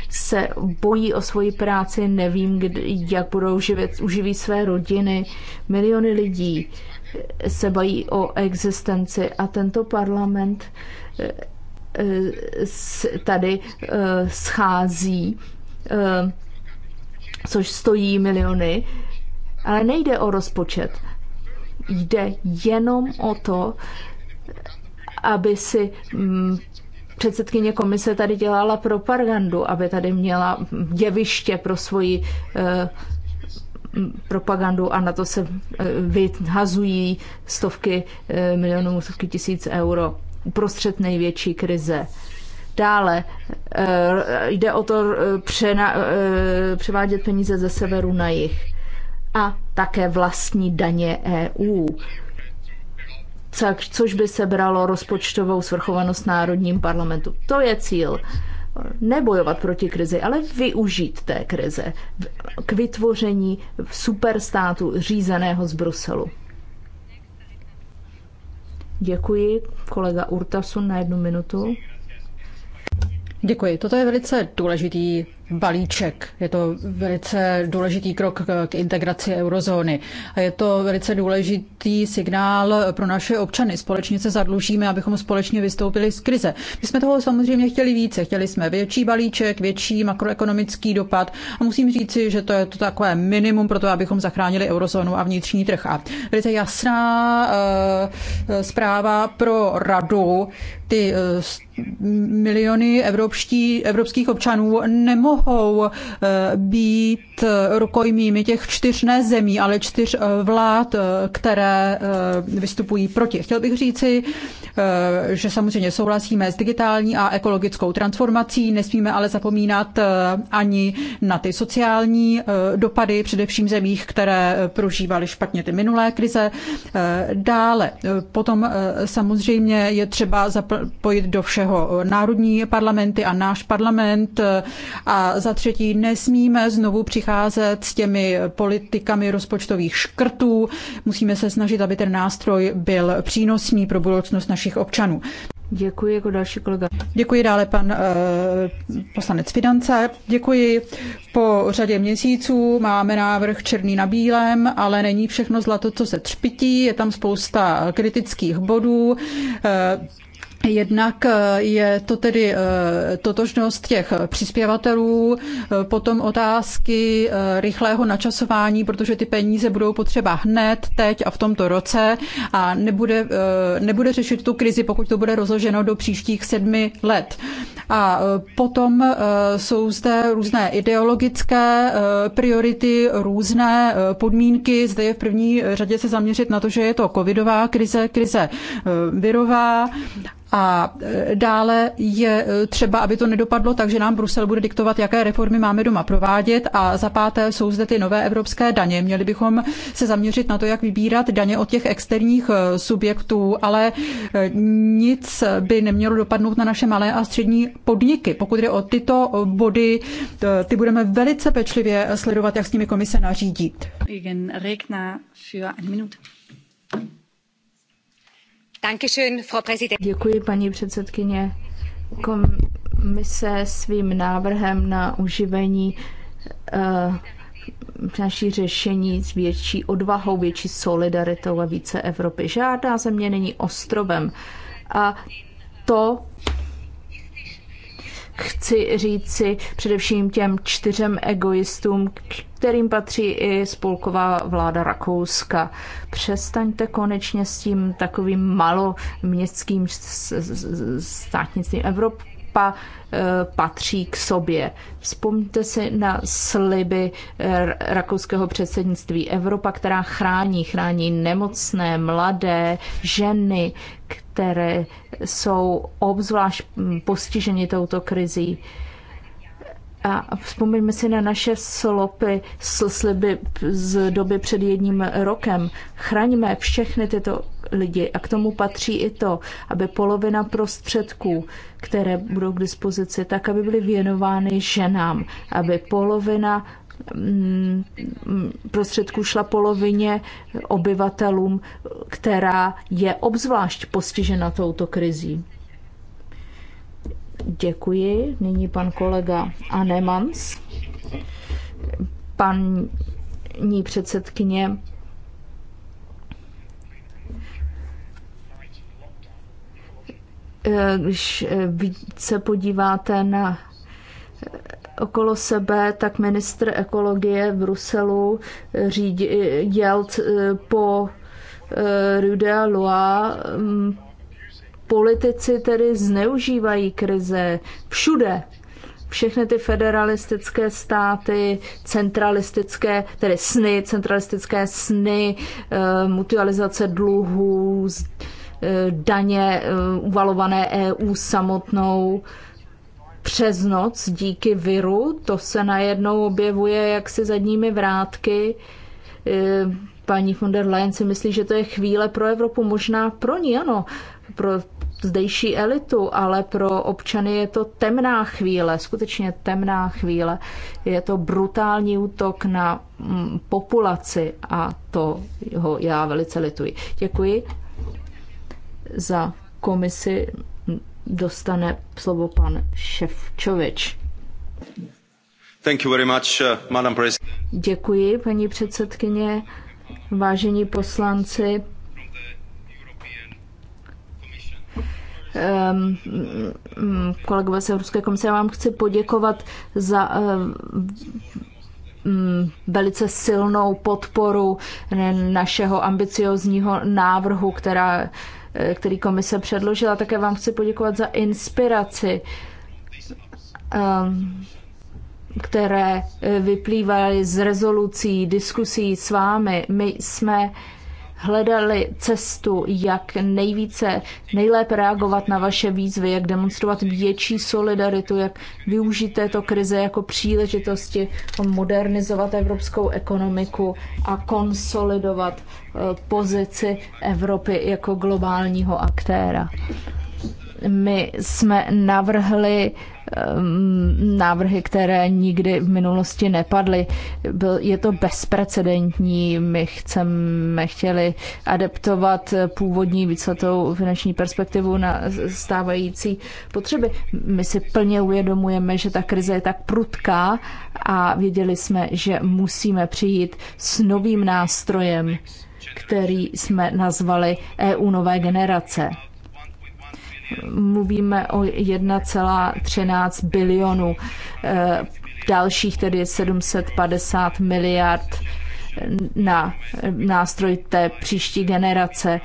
se bojí o svoji práci, nevím, kdy, jak budou živit, uživí své rodiny. Miliony lidí eh, se bojí o existenci a tento parlament eh, tady schází, což stojí miliony, ale nejde o rozpočet jde jenom o to, aby si mm, předsedkyně komise tady dělala propagandu, aby tady měla děviště pro svoji eh, propagandu a na to se eh, vyhazují stovky eh, milionů, stovky tisíc euro uprostřed největší krize. Dále jde o to přena, převádět peníze ze severu na jih a také vlastní daně EU, což by sebralo rozpočtovou svrchovanost Národním parlamentu. To je cíl. Nebojovat proti krizi, ale využít té krize k vytvoření superstátu řízeného z Bruselu. Děkuji. Kolega Urtasun na jednu minutu. Děkuji. Toto je velice důležitý balíček. Je to velice důležitý krok k integraci eurozóny. A je to velice důležitý signál pro naše občany. Společně se zadlužíme, abychom společně vystoupili z krize. My jsme toho samozřejmě chtěli více. Chtěli jsme větší balíček, větší makroekonomický dopad. A musím říci, že to je to takové minimum pro to, abychom zachránili eurozónu a vnitřní trh. A velice jasná uh, zpráva pro radu. Ty uh, miliony evropští, evropských občanů nemohou eh, být rukojmími těch čtyř ne zemí, ale čtyř eh, vlád, eh, které vystupují proti. Chtěl bych říci, že samozřejmě souhlasíme s digitální a ekologickou transformací, nesmíme ale zapomínat ani na ty sociální dopady, především zemích, které prožívaly špatně ty minulé krize. Dále potom samozřejmě je třeba zapojit do všech jeho národní parlamenty a náš parlament. A za třetí, nesmíme znovu přicházet s těmi politikami rozpočtových škrtů. Musíme se snažit, aby ten nástroj byl přínosný pro budoucnost našich občanů. Děkuji jako další kolega. Děkuji dále pan e, poslanec Fidance. Děkuji. Po řadě měsíců máme návrh černý na bílém, ale není všechno zlato, co se třpití. Je tam spousta kritických bodů. E, Jednak eh, je to tedy eh, totožnost těch přispěvatelů, eh, potom otázky rychlého načasování, protože ty peníze budou potřeba hned, teď a v tomto roce a nebude, nebude řešit tu krizi, pokud to bude rozloženo do příštích sedmi let. A potom jsou zde různé ideologické priority, různé podmínky. Zde je v první řadě se zaměřit na to, že je to covidová krize, krize virová a e, dále je e, třeba, aby to nedopadlo tak, že nám Brusel bude diktovat, jaké reformy máme doma provádět. A za páté jsou zde ty nové evropské daně. Měli bychom se zaměřit na to, jak vybírat daně od těch externích e, subjektů, ale nic by nemělo dopadnout na naše malé a střední podniky. Pokud jde o tyto body, ty budeme velice pečlivě sledovat, jak s nimi komise nařídí. Igen Regner für eine Minute. Děkuji, paní předsedkyně. Komise svým návrhem na uživení uh, eh, naší řešení s větší odvahou, větší solidaritou a více Evropy. Žádná země není ostrovem. A to chci říci především těm čtyřem egoistům, kterým patří i spolková vláda Rakouska. Přestaňte konečně s tím takovým maloměstským státnictvím. Evropa eh, patří k sobě. Vzpomněte si na sliby eh, rakouského předsednictví Evropa, která chrání, chrání nemocné, mladé, ženy, které jsou obzvlášť postiženy touto krizí. A vzpomeňme si na naše slopy, sliby z doby před jedním rokem. Chraňme všechny tyto lidi a k tomu patří i to, aby polovina prostředků, které budou k dispozici, tak aby byly věnovány ženám, aby polovina Mm, prostředků šla polovině obyvatelům, která je obzvlášť postižena touto krizí. Děkuji. Nyní pan kolega Anemans. Paní předsedkyně, když se podíváte na okolo sebe, tak ministr ekologie v Bruselu eh, řídil eh, po eh, Rude a mm, Politici tedy zneužívají krize všude. Všechny ty federalistické státy, centralistické, tedy sny, centralistické sny, mutualizace dluhů, daně uvalované EU samotnou, přes noc díky viru, to se najednou objevuje jaksi zadními vrátky. E, paní von der Leyen si myslí, že to je chvíle pro Evropu, možná pro ní, ano, pro zdejší elitu, ale pro občany je to temná chvíle, skutečně temná chvíle. Je to brutální útok na mm, populaci a to ho já velice lituji. Děkuji za komisi dostane slovo pan Ševčovič. Thank you very much, uh, Madam Děkuji, paní předsedkyně, vážení poslanci. Um, kolegové z Evropské komise, já vám chci poděkovat za uh, um, velice silnou podporu našeho ambiciozního návrhu, která který komise předložila. Také vám chci poděkovat za inspiraci, ehm, které vyplývaly z rezolucí, diskusí s vámi. My jsme hledali cestu, jak nejvíce, nejlépe reagovat na vaše výzvy, jak demonstrovat větší solidaritu, jak využít této krize jako příležitosti modernizovat evropskou ekonomiku a konsolidovat eh, pozici Evropy jako globálního aktéra. My jsme navrhli ehm, návrhy, které nikdy v minulosti nepadly. je to bezprecedentní. My chceme, chtěli adaptovat původní výsledou finanční perspektivu na stávající potřeby. My si plně uvědomujeme, že ta krize je tak prudká a věděli jsme, že musíme přijít s novým nástrojem, který jsme nazvali EU nové generace mluvíme o 1,13 bilionu, eh, dalších tedy 750 miliard eh, na nástroj té příští generace,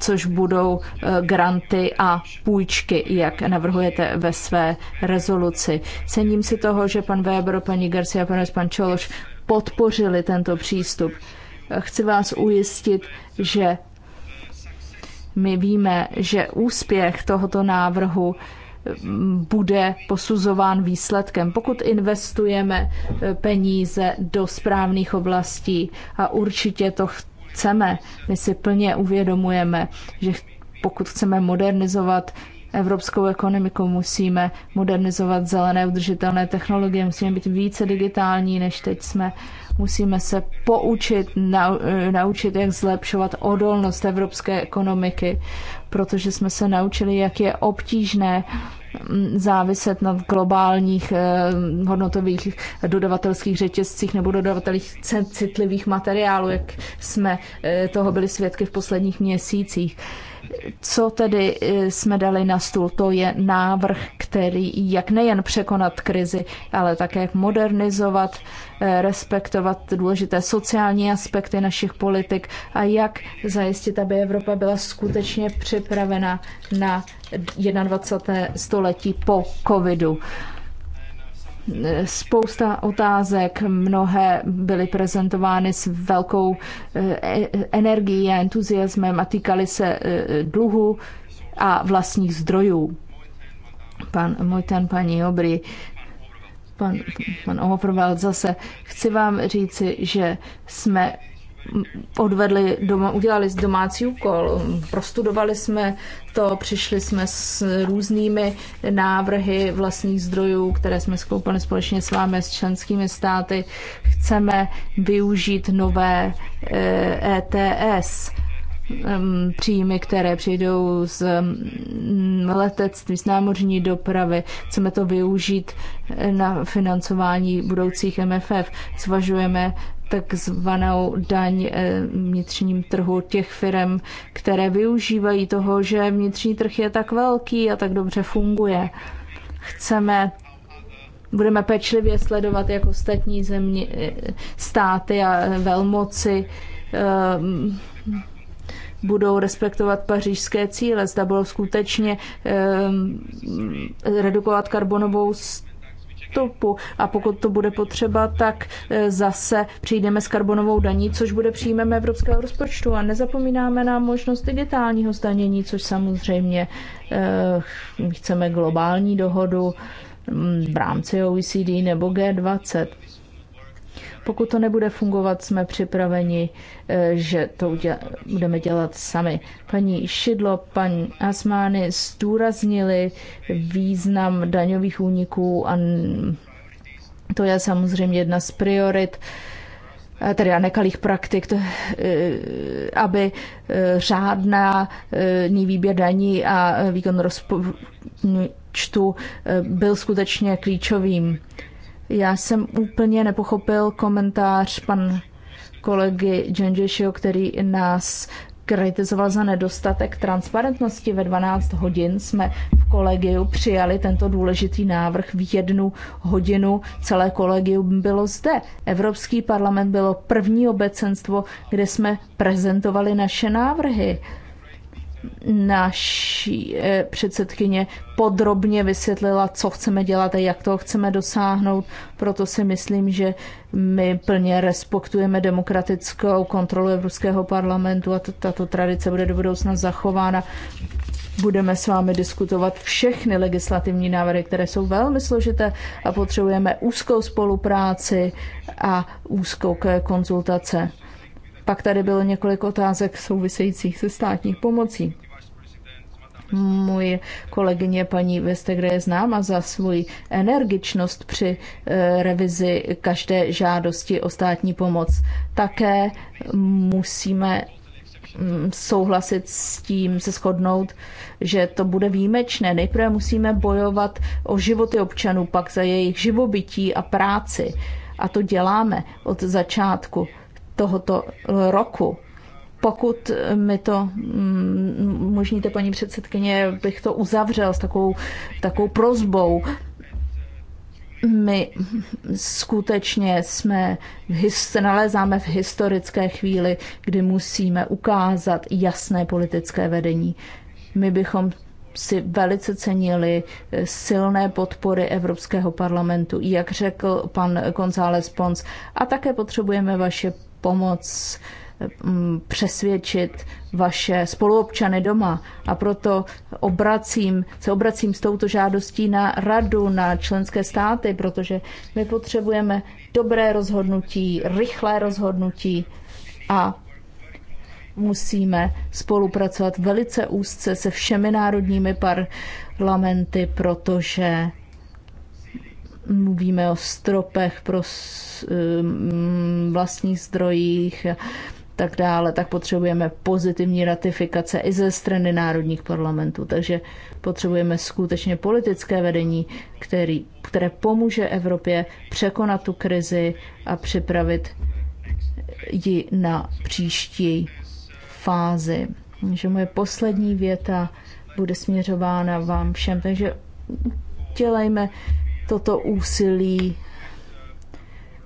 což budou eh, granty a půjčky, jak navrhujete ve své rezoluci. Cením si toho, že pan Weber, paní Garcia, pan, pan Čološ podpořili tento přístup. Chci vás ujistit, že my víme, že úspěch tohoto návrhu bude posuzován výsledkem. Pokud investujeme e, peníze do správných oblastí a určitě to chceme, my si plně uvědomujeme, že pokud chceme modernizovat evropskou ekonomiku, musíme modernizovat zelené udržitelné technologie, musíme být více digitální, než teď jsme. Musíme se poučit, eh, naučit, jak zlepšovat odolnost evropské ekonomiky, protože jsme se naučili, jak je obtížné mm, záviset na globálních eh, hodnotových dodavatelských řetězcích nebo dodavatelích citlivých materiálů, jak jsme eh, toho byli svědky v posledních měsících co tedy e, jsme dali na stůl, to je návrh, který jak nejen překonat krizi, ale také modernizovat, e, respektovat důležité sociální aspekty našich politik a jak zajistit, aby Evropa byla skutečně připravena na 21. století po covidu spousta otázek, mnohé byly prezentovány s velkou eh, energií a entuziasmem a týkaly se eh, dluhu a vlastních zdrojů. Pan Mojten, paní Obry, pan, pan Overveld zase, chci vám říci, že jsme odvedli doma, udělali domácí úkol. Prostudovali jsme to, přišli jsme s různými návrhy vlastních zdrojů, které jsme skoupili společně s vámi, s členskými státy. Chceme využít nové ETS eh, e příjmy, které přijdou z mm, letectví, z námořní dopravy. Chceme to využít eh, na financování budoucích MFF. Zvažujeme takzvanou daň eh, vnitřním trhu těch firm, které využívají toho, že vnitřní trh je tak velký a tak dobře funguje. Chceme budeme pečlivě sledovat, jak ostatní země, eh, státy a velmoci eh, budou respektovat pařížské cíle, zda bylo skutečně redukovat karbonovou stopu a pokud to bude potřeba, tak e, zase přijdeme s karbonovou daní, což bude příjmem evropského rozpočtu a nezapomínáme na možnost digitálního zdanění, což samozřejmě e, chceme globální dohodu v rámci OECD nebo G20. Pokud to nebude fungovat, jsme připraveni, eh, že to uděla, budeme dělat sami. Paní Šidlo, paní Asmány zdůraznili význam daňových úniků a to je samozřejmě jedna z priorit eh, tedy a nekalých praktik, to, eh, aby ní výběr daní a výkon rozpočtu byl skutečně klíčovým já jsem úplně nepochopil komentář pan kolegy Dženžešiho, který nás kritizoval za nedostatek transparentnosti. Ve 12 hodin jsme v kolegiu přijali tento důležitý návrh. V jednu hodinu celé kolegium bylo zde. Evropský parlament bylo první obecenstvo, kde jsme prezentovali naše návrhy naší eh, předsedkyně podrobně vysvětlila, co chceme dělat a jak toho chceme dosáhnout. Proto si myslím, že my plně respektujeme demokratickou kontrolu Evropského parlamentu a tato tradice bude do budoucna zachována. Budeme s vámi diskutovat všechny legislativní návrhy, které jsou velmi složité a potřebujeme úzkou spolupráci a úzkou konzultace. Pak tady bylo několik otázek souvisejících se státních pomocí. Moje kolegyně paní Vestegre je známa za svoji energičnost při eh, revizi každé žádosti o státní pomoc. Také musíme mm, souhlasit s tím, se shodnout, že to bude výjimečné. Nejprve musíme bojovat o životy občanů, pak za jejich živobytí a práci. A to děláme od začátku tohoto roku. Pokud mi to mm, možníte, paní předsedkyně, bych to uzavřel s takovou, takovou prozbou. My skutečně jsme, se nalézáme v historické chvíli, kdy musíme ukázat jasné politické vedení. My bychom si velice cenili eh, silné podpory Evropského parlamentu, jak řekl pan González Pons. A také potřebujeme vaše pomoc eh, mm, přesvědčit vaše spoluobčany doma. A proto obracím, se obracím s touto žádostí na radu, na členské státy, protože my potřebujeme dobré rozhodnutí, rychlé rozhodnutí a musíme spolupracovat velice úzce se všemi národními parlamenty, protože mluvíme o stropech pro um, vlastních zdrojích tak dále, tak potřebujeme pozitivní ratifikace i ze strany národních parlamentů. Takže potřebujeme skutečně politické vedení, který, které pomůže Evropě překonat tu krizi a připravit ji na příští fázi. Že moje poslední věta bude směřována vám všem. Takže dělejme toto úsilí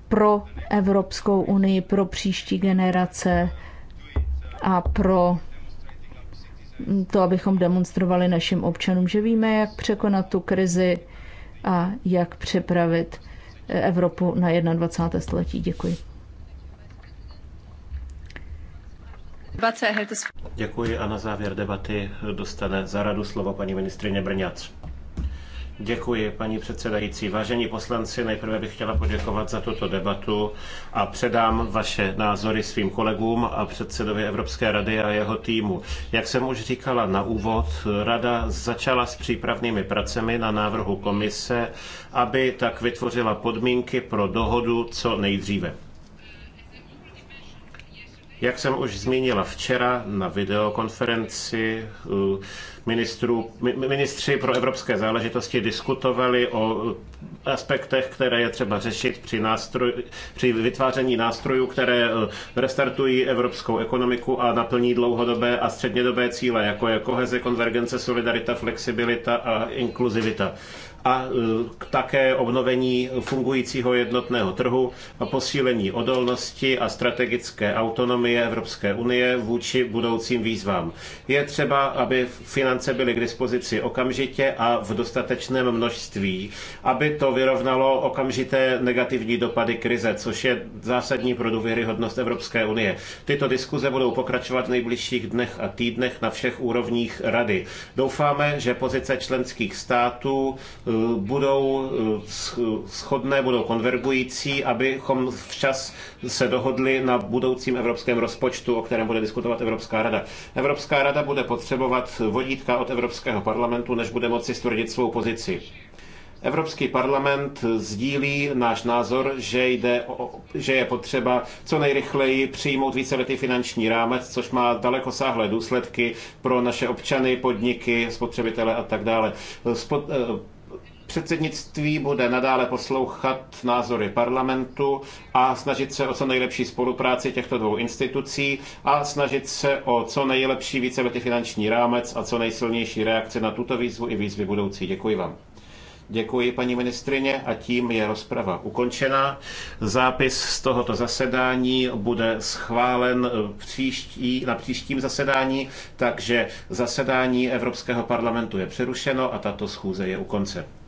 pro Evropskou unii, pro příští generace a pro to, abychom demonstrovali našim občanům, že víme, jak překonat tu krizi a jak připravit Evropu na 21. století. Děkuji. Děkuji a na závěr debaty dostane za radu slovo paní ministrině Brňac. Děkuji, paní předsedající. Vážení poslanci, nejprve bych chtěla poděkovat za tuto debatu a předám vaše názory svým kolegům a předsedovi Evropské rady a jeho týmu. Jak jsem už říkala na úvod, rada začala s přípravnými pracemi na návrhu komise, aby tak vytvořila podmínky pro dohodu co nejdříve. Jak jsem už zmínila včera na videokonferenci, eh, ministrů, ministři pro evropské záležitosti diskutovali o aspektech, které je třeba řešit při, nástroj, při vytváření nástrojů, které eh, restartují evropskou ekonomiku a naplní dlouhodobé a střednědobé cíle, jako je koheze, konvergence, solidarita, flexibilita a inkluzivita a e, také obnovení fungujícího jednotného trhu a posílení odolnosti a strategické autonomie Evropské unie vůči budoucím výzvám. Je třeba, aby finance byly k dispozici okamžitě a v dostatečném množství, aby to vyrovnalo okamžité negativní dopady krize, což je zásadní pro důvěryhodnost Evropské unie. Tyto diskuze budou pokračovat v nejbližších dnech a týdnech na všech úrovních rady. Doufáme, že pozice členských států Eh, budou eh, schodné, budou konvergující, abychom včas se dohodli na budoucím evropském rozpočtu, o kterém bude diskutovat Evropská rada. Evropská rada bude potřebovat vodítka od Evropského parlamentu, než bude moci stvrdit svou pozici. Evropský parlament sdílí náš názor, že, jde o, že je potřeba co nejrychleji přijmout víceletý finanční rámec, což má dalekosáhlé důsledky pro naše občany, podniky, spotřebitele a tak dále. Spot, eh, Předsednictví bude nadále poslouchat názory parlamentu a snažit se o co nejlepší spolupráci těchto dvou institucí a snažit se o co nejlepší víceletý finanční rámec a co nejsilnější reakce na tuto výzvu i výzvy budoucí. Děkuji vám. Děkuji paní ministrině a tím je rozprava ukončena. Zápis z tohoto zasedání bude schválen eh, příští, na příštím zasedání, takže zasedání Evropského parlamentu je přerušeno a tato schůze je u konce.